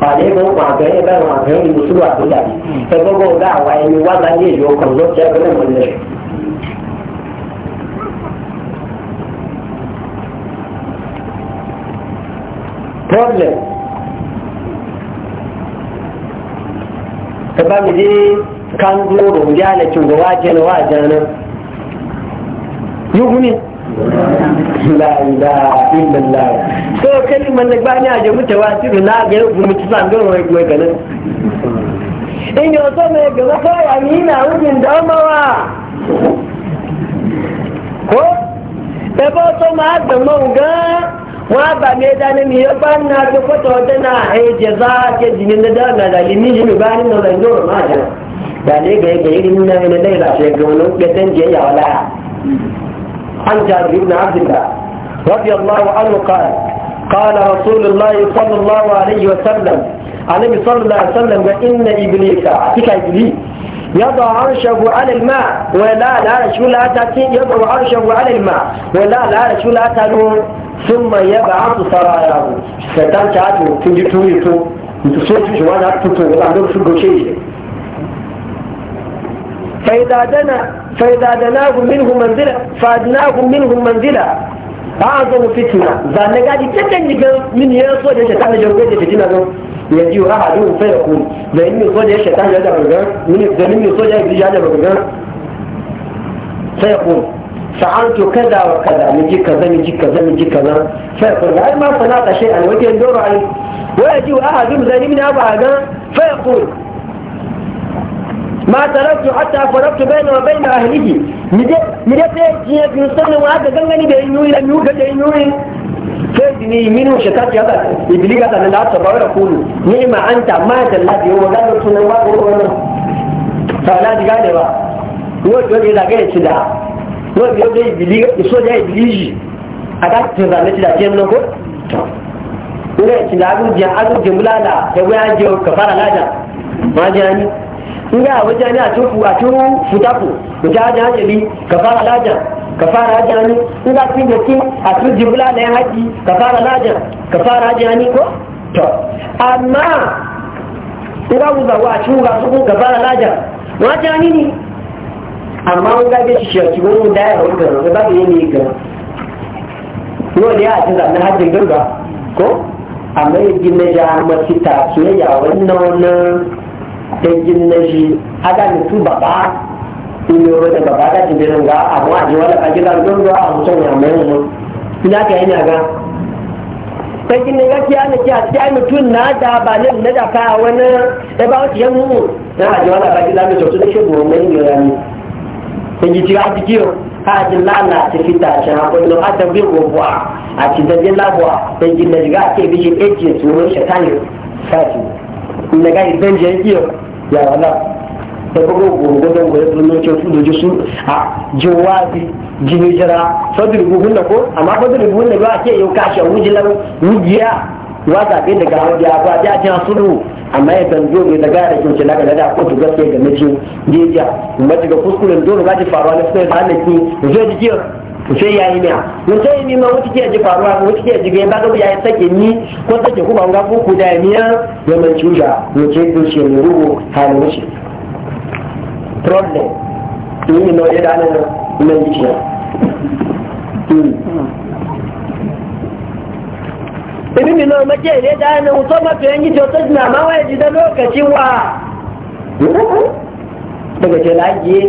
pàdé mọ àgbẹ̀ ẹ bẹ́ẹ̀ àgbẹ̀ ẹ ìlú sílùú àbújá ẹ gbọ́gbọ́ ọ̀gá àwa ẹni wá láyé ìlú ọkàn ló jẹ́ ẹgbẹ́ mọ̀ lẹ̀. problem ẹ bá mi dé kángúrò ń bí àlẹ́ tí òwò wá jẹ́ ni wá jẹ́ ni yóò wú ni. la ilaha illallah so kalimar da bani a jamu tawatir na ga yau mutu san don wai kuma ganin in yau so mai gaba kawai amina wujin da amawa ko ebe so ma da mauga wa ba me da ne mi ba na da kwato da na e jaza ke jinin da na da limi mi ba ni da ngoro ma da da ne ga ga irin na ne da shi ga wannan gadan je ya wala عن جابر بن عبد الله رضي الله عنه قال قال رسول الله صلى الله عليه وسلم النبي صلى الله عليه وسلم إن إبليس فيك إبليس يضع عرشه على الماء ولا لا شو لا تاتين يضع عرشه على الماء ولا لا شو لا تنون ثم يبعث سراياه شيطان شاتو تنجي توي تو تسوي شو انا تو ولا عندك شو فإذا دنا فإذا أدناهم منهم منزلة فأدناهم منهم منزلة أعظم فتنة ذلك قاعد يتجن من يسوى جاء شيطان جرغة فتنة ذو يجي عليهم فيقول لأن يسوى جاء شيطان جرغة من يسوى يسوى جاء جرغة فيقول فعلت كذا وكذا من جي كذا من جي كذا من جي كذا فيقول هل ما صنعت شيئا وكي يدور عليه ويجي أحدهم ذلك من أبعد فيقول ma taraktu hatta faraktu bayna wa bayna ahlihi mije mije sai jiya bi sanin wa ga gangani da yuyi da yuga da yuyi sai dini minu shatati hada ibliga da Allah ta bawara kulu ni'ma anta ma ta ladi wa ga tunan wa ko wannan ta ladi gane ba wo to da ga ci da wo biyo da ibliga so da ibliji aga tin da ci da kin ko ina ci da abu je abu je mulala da waya je kafara lada ma jani nga wajen ne a tun a tun futaku mutum hajji hajjali ka fara lajan ka fara hajji hani in za su yi a tun jimla na haji ka fara lajan ka fara hajji hani ko to amma in za ku zagu a tun ga su ka fara lajan wajen hani ne amma in ga gashi shi a cikin wani daya a wani gano ba da yi ne gano yau da ya a tun zaɓen hajjin ganga ko amma yi gina ja masu ta soyayya wannan ejin na shi aga mutu baba ina yoro da baba da tibirin ga abu a jiwa da kaji kan don zuwa a mutum ya mai yanzu ina ka yana ga ejin na ga kiya na kiya kiya mutum na da ba ne na da ka wani ya ba wata yamu na a jiwa da kaji da mutum su da shi buwan mai yanzu ya ne ta ji cikin aji kiyo ka fita shi ha kwallo a ta bi gobuwa a cikin da jin na shiga a ce bishin ejin eh, tsoron shekaru sati na ga idan je iya ya wala ta bugo gogo da goye sun ne su da jisu a jawabi jinijira fadil buhun da ko amma fadil buhun da ba ke yau kashi wujilan wujiya wa zabe daga hajiya ba ta jin amma ya zanzo bai daga da kinci na gada ko kotu gaskiya ga mijin jejiya kuma daga kuskuren dole ba ta faruwa na sai da hannaki zai ji mutum ya yi miya mutum ya nima wata ke ji faruwa ko wata ke ji ga ba ya yi sake ni ko sake ku ban ga ku da miya ya man cuja mutum ko ce mu rubu halin wuce problem ni no ya da nan nan gishi Ibi mi náà mẹ́jẹ́ ìlé dáná ohun tó mọ́tò ẹ̀yìn tí ó jìnnà máa wáyé jìnnà lókè tí wà. Bẹ̀rẹ̀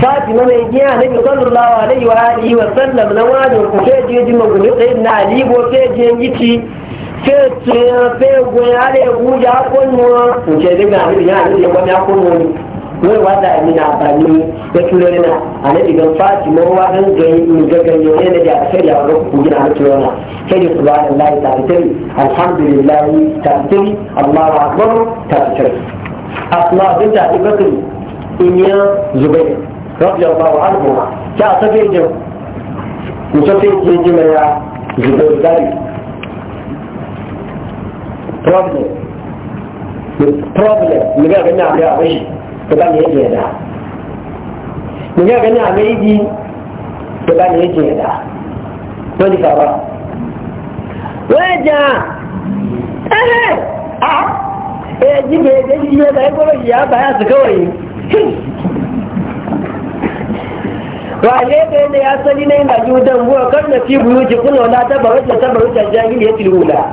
Fati fatima mai giya na bi sallallahu alaihi wa alihi wa sallam na wani ku sai je ji magulu sai na ali bo sai je yiti sai ce sai go ya le ku ya konno ku ce daga ali ya ali ya ya konno wai wa da amina bani da tulore na annabi ga fatima wa dan in ga ganye ne da ya sai ya wani ku gina na tulore na sai da subhanallahi ta tsari alhamdulillah ta tsari allahu akbar ta tsari asma bin ta ibadin in ya zubair رضي الله عنهما جاء سفيجم وسفيج يجمع يا داري problem problem ya bai ta ba yi ta ba ne yake e ji ga ya ya Wa wane da yana ya sani na yana yi wutan buwa kan na fi buyu ji kuna wala ta baro ta ta baro ta jahili ya tilula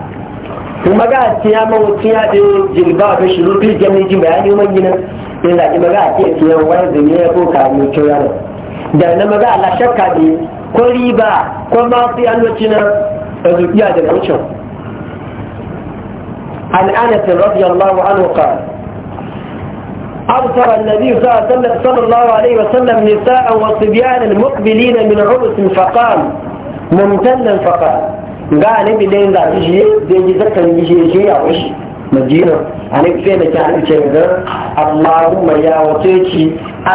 kuma ga tiya ma tiya da jilba da shiru fil jami ji bayani man gina in da kuma ga ke tiya wani da ne ko ka mu kira da na maga ala shakka ne ko riba ko ma fi annoci na azubiya da wucin an anas radiyallahu anhu qala أبصر النبي صلى الله عليه وسلم نساء وصبيان مقبلين من عرس فقال ممتنا فقال قال نبي دين ذا تجي دين ذكر يجي يجي أو إيش مدينة أنا كفينا كان يجي اللهم يا وطيتي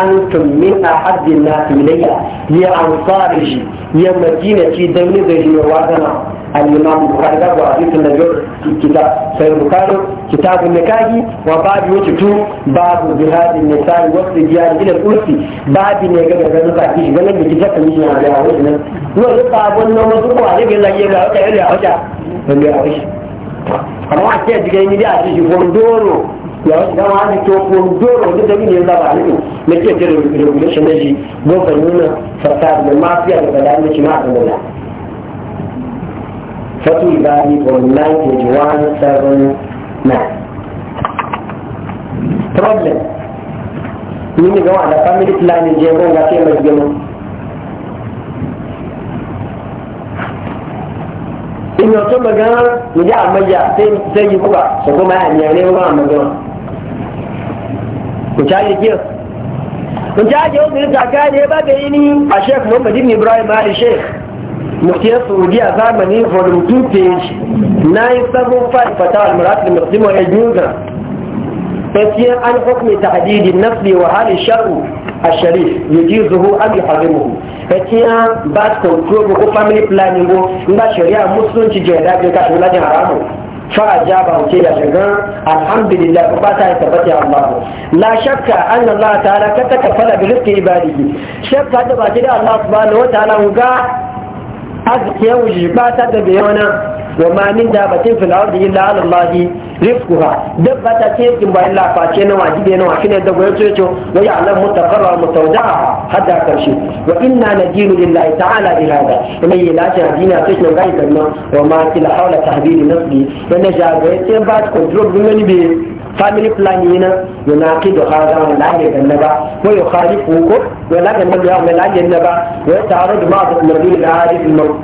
أنتم من أحد الناس إلي يا أنصارجي يا مدينة دولة ذي وعدنا الإمام البخاري ذا وحديث النجور كتاب سيد البخاري كتاب النكاح وباب يوتيتو باب جهاد النساء وقت الجهاد إلى الأرس باب نيجا غنو كاكيش غنو بكتاب كميشن على عوجنا نوزو بابون نومو سوكو عليك الله يبلا وكا يلي عوجا يلي عوج أما أحكي أتكيني دي عوجي فوندورو yawon dama haka ke kuma doro duk da miliyan zaba a nufin na ke regulation na shi gofa nuna fasa da mafiya da bada na shi ma'a أنا Fatul Bari volume 9 page 179. Problem. Mimi ga family planning je ko ga sai In yau tun magana mu ji sai yi kuka su kuma ya ne ne kuma amma gano. Ku caje kiyo. Ku caje wani zakari ya ba da yini a Sheikh Muhammad Ibn Ibrahim Ali Sheikh. mutiya saudi a zamani volume 2 page 975 fatawa al-murad al-muslim wa yajuzu fatiya an hukmi tahdid an-nafs wa hal ash-shar ash-sharif yajuzuhu am yuharrimuhu fatiya bad control ko family planning go inda sharia musulunci je da ka shi lajin haramu fa ajaba ce ya shiga alhamdulillah ko ba ta tabbata Allah la shakka an Allah ta'ala ka takafala bi rizqi ibadihi shakka da ba ki da Allah subhanahu wa ta'ala ga arziki wuce ba ta da bai wana wa ma min da batin fil ardi illa ala allah rizquha dabba ta ce kin bayan lafafe na wajibi na wafine da goyo ce ce wa ya'lam mutaqarra mutawda'a hadda karshe wa inna nadinu lillahi ta'ala bi hada kuma yi lati adina ta ce ga idan wa ma kila hawla tahdidi nafsi wa najaga sai ba control din ne bai family planning yana yunaqidu hadha wa la yadannaba wa yukhalifu ko wa la yadannaba wa la yadannaba wa yata'arradu ma'a al-mardi al-arif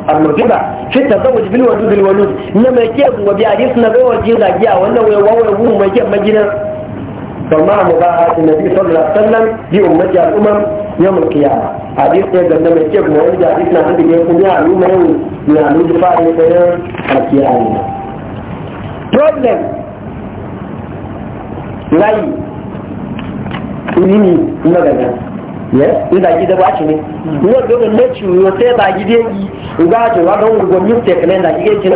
al-mardiba fi tazawwuj bil wajud al-walud inma yake wa bi hadith na ga waje da giya wannan wai wai hu mai ke majina فما مباحة النبي صلى الله عليه وسلم لأمتي الأمم يوم القيامة حديث يقول لما يتشف مولد حديثنا عندي يقول يا علوم يوم fa'ida علوم فارغ القيامة problem layi ilimi na gaga ina gida ba ci ne ina dogon na yau sai ba gide yi ga ce wa don gugu miste kanan da gide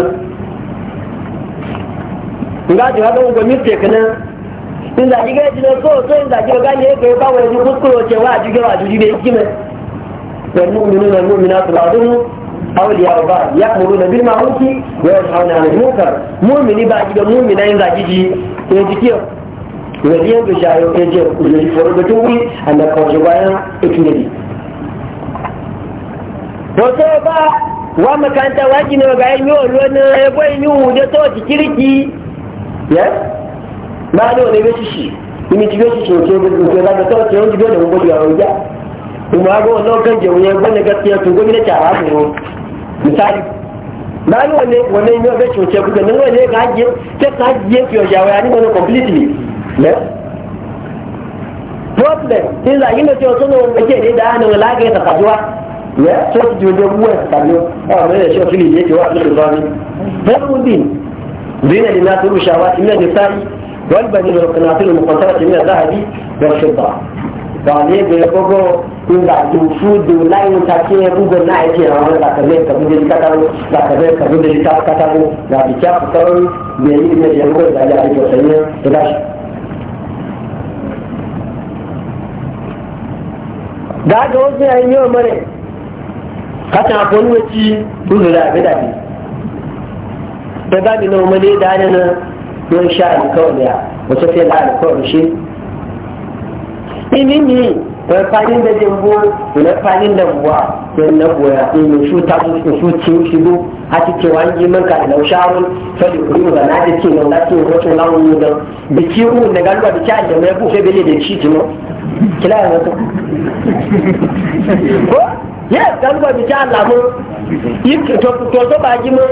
nan ga ce wa don gugu miste kanan ina gide nan so so ina gide ga ne kai ba wani kuskuro ce wa jige wa jige kime na mu'minuna wal mu'minatu ba'dhum awliya ba ya ya'muruna bil ma'ruf wa ya hauna 'anil munkar mu'mini ba gida mu'mina yin ga gidi to dikiyo gajiyar da shayo ya ce uzuri foro da tuwi a na kawace bayan ikirari wato ba wa makaranta waki ne ga yin yiwu ruwan na ya kwa yin yiwu da ta wace kirki ya ba da wani bai shi ini ti bai shi ke gudu ke za ka ta wace yanzu bai da gudu ya wuya kuma ga wannan kan jawo ya gwani gaskiya to gwamnati a hasu misali ba ni wanne wannan yiwu bai shi ke gudu nan wanne ga ajiye ta ajiye fiye ya waya wani completely ne problem sai zagi na cewa suna wanda ke ne da hannun lagaye ta kasuwa ne so su jiwo jabu wani tsakanin a wani da shi wasu ne ke wa a cikin zami zamun din zina da nasu rushawa ina da sa'i wani bani da kanasu da makwantar ina zahabi da shubba wàlẹ́ bẹ̀rẹ̀ gbogbo ìgbà dùfú dò láyé tàkì ẹ̀rúgbò náà ẹ̀jẹ̀ àwọn làkàlẹ̀ kàbúndélé kátàkó làkàlẹ̀ kàbúndélé kátàkó làbìjà kọ́rọ́ gbẹ̀yìn ìgbẹ̀yẹ̀ ńgọ̀ ìdájà àdìjọ́sẹ̀ yẹn tó dáṣù. da ga wasu yayin yawan mare kasan akwai wace ruzu da abin dafi da ba ni na umarni da ana na ruwan sha alkawar da ya wace fiye da alkawar shi ini ne wani fanin da jimbo wani da buwa na goya in su ta su su ci shigo a cikin wani man ka da sharun sai ku yi ga na ji na lati wato na wani da biki ku da galba da ta da mai ku sai bele da ci jimo kila ya wato ko ya galba da ta Allah mu to to ba ji mu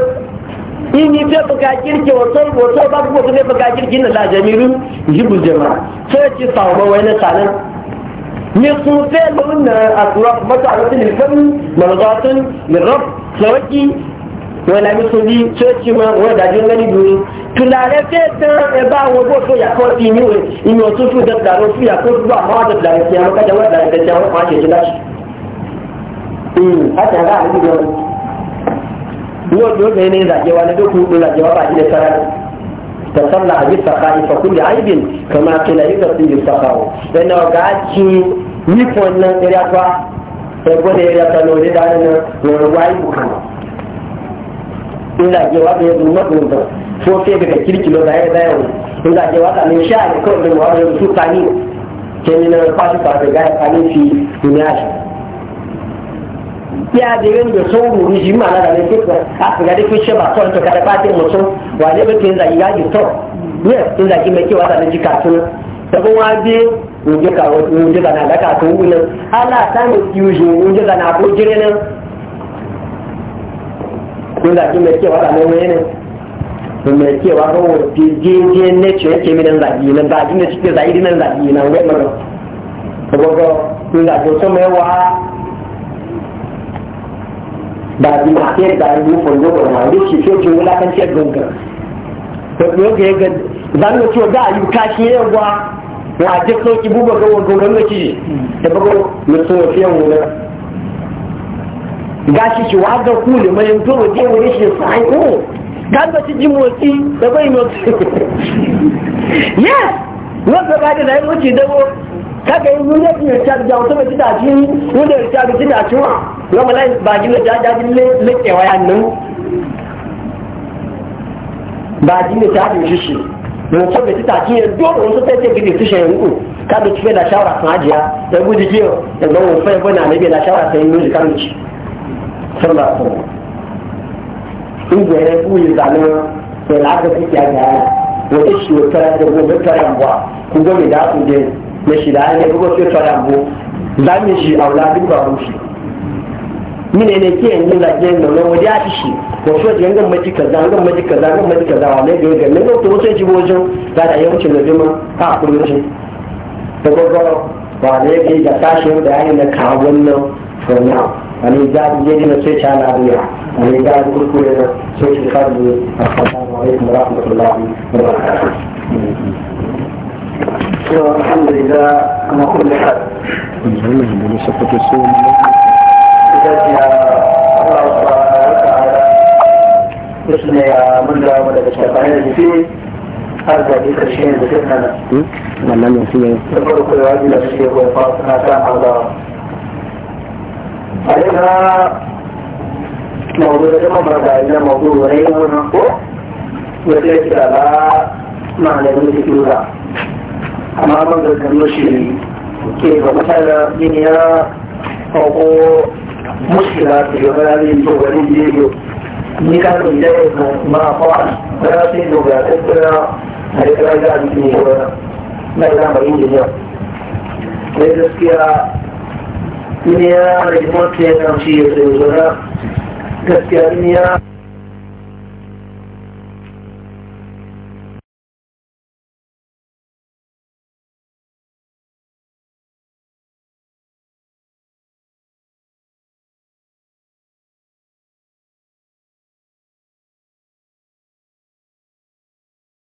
in yi kirki wato wato ba ku sai baka kirki na la jibu jama'a sai ci sawo wai na sanan نصوصي من أسواق مطعمة الكم ملغات للرب سوكي ولا مصدي سوكي ما هو دا جنة نبوي كلا لكي تان إبا وضو سو يكون في نيوه إنو سوفو دب دارو سو يكون سوى ما دب دارو سيا مكا جوا دارو سيا مكا جوا دارو سيا مكا جوا دارو سيا مكا جوا دارو سيا مكا جوا دارو سيا مكا جوا دارو تصنع بالسخاء فكل عيب كما قيل يدرس بالسخاء فإنه قاعد yífọ̀ náà eré apá na náà eré apá náà orí dáná náà wọ́n wá ibù kan. Ina jẹ wa bẹ ko mọ́tò nǹkan fún fẹ́ bẹ̀rẹ̀ da lọ da báyẹ̀ wò. Ina jẹ wa kàmi ṣáà ní su ka ni lọ́dún ni na fa náà pàṣẹ pàṣẹ ka ni fi ìní àṣà. Bí a bẹ̀rẹ̀ da bẹ̀ sọ́wọ́ wò yìí mà lára lè dé kan, a sì gàdé fún ṣẹ́bà tọ́ ìtọ́ kàdé wa mọ̀tọ́ wà lẹ́bẹ̀ẹ́ ka tunu, zà wa yá oúnjẹ kà oúnjẹ kà náà dákà tó ń wúlẹ̀ aláàtàmì tí ó ṣe oúnjẹ kà náà kó jẹrẹ náà kó là kí mẹtíẹ wà lànà wẹ́ẹ́ náà mẹtíẹ wà kó wọ́n ti déédéé nẹ́tíọ̀ kémi náà là yìí náà báyìí náà ti tẹ̀ sáyé náà là yìí náà wẹ́ẹ́ mọ̀nà ọgbọ́gbọ́ kó là tó sọmọ ẹ wá shi màtí ẹ̀ dàrú kan fọ̀ǹdọ̀ ọ̀nà Ko sì fi Zan ti wọ́n lákàntì ẹ̀ gbọ̀ngàn wa je sauƙi buba ga wa gogon da ke da bago mutum fiye wuna Ga shi wa ga ku ne mai to je wuri shi sai ko oh, ga ci ji motsi da bai motsi *laughs* yes wanda ba da dai motsi da go ga yi mun yake ya ta jawo to bai ta ci mun da ta wa ga malai ba ji na jajajin lekewa le ba ji da ta shi shi da wato da tita kiyaye dole wasu sai ce gidi tushen yanku ka da kife da shawara sun ajiya da guji kiyo da zan wasu ya bana nabi da shawara sai yi kan ci sallah sallah in gwere ku yi zanen sai la'aka suke a gaya wata shi wata da gobe tarambuwa ku gome da ku je na shi da ya ne gobe tarambu zamin shi a wula duk ba shi mine ne ke yanzu da ke nan wani ya ci shi ko so ji ngan maji kaza ngan maji kaza ngan maji kaza wa ne ga ga ne to sai ji bojin da da yawancin da jima ha ku ne to ko ko wa ne ke da tashi da yayin da ka wannan for now ani da ji ne sai ta na duya ani da ku ku ne sai ki ka du assalamu alaikum wa rahmatullahi wa barakatuh الحمد لله على كل حال. gaskiya Allah subhanahu wa ta'ala kusurne ya mun da mu daga shafa'in da jifi har da ke karshe da jifi nan hmm? wannan ne shi ne da farko ya ji da shi ko fa suna ta Allah alina mawdu da kuma barka ina mawdu ne wannan ko wanda yake da malamin da ke amma ban ga kan shi ke ga mutane ne ya ko مشكلات وبلادي وبلادي nikah menjadi mengapa berarti juga segera hari kerja di sini mereka berinjil jadi sekian dunia dari mungkin yang sih itu sekarang sekian dunia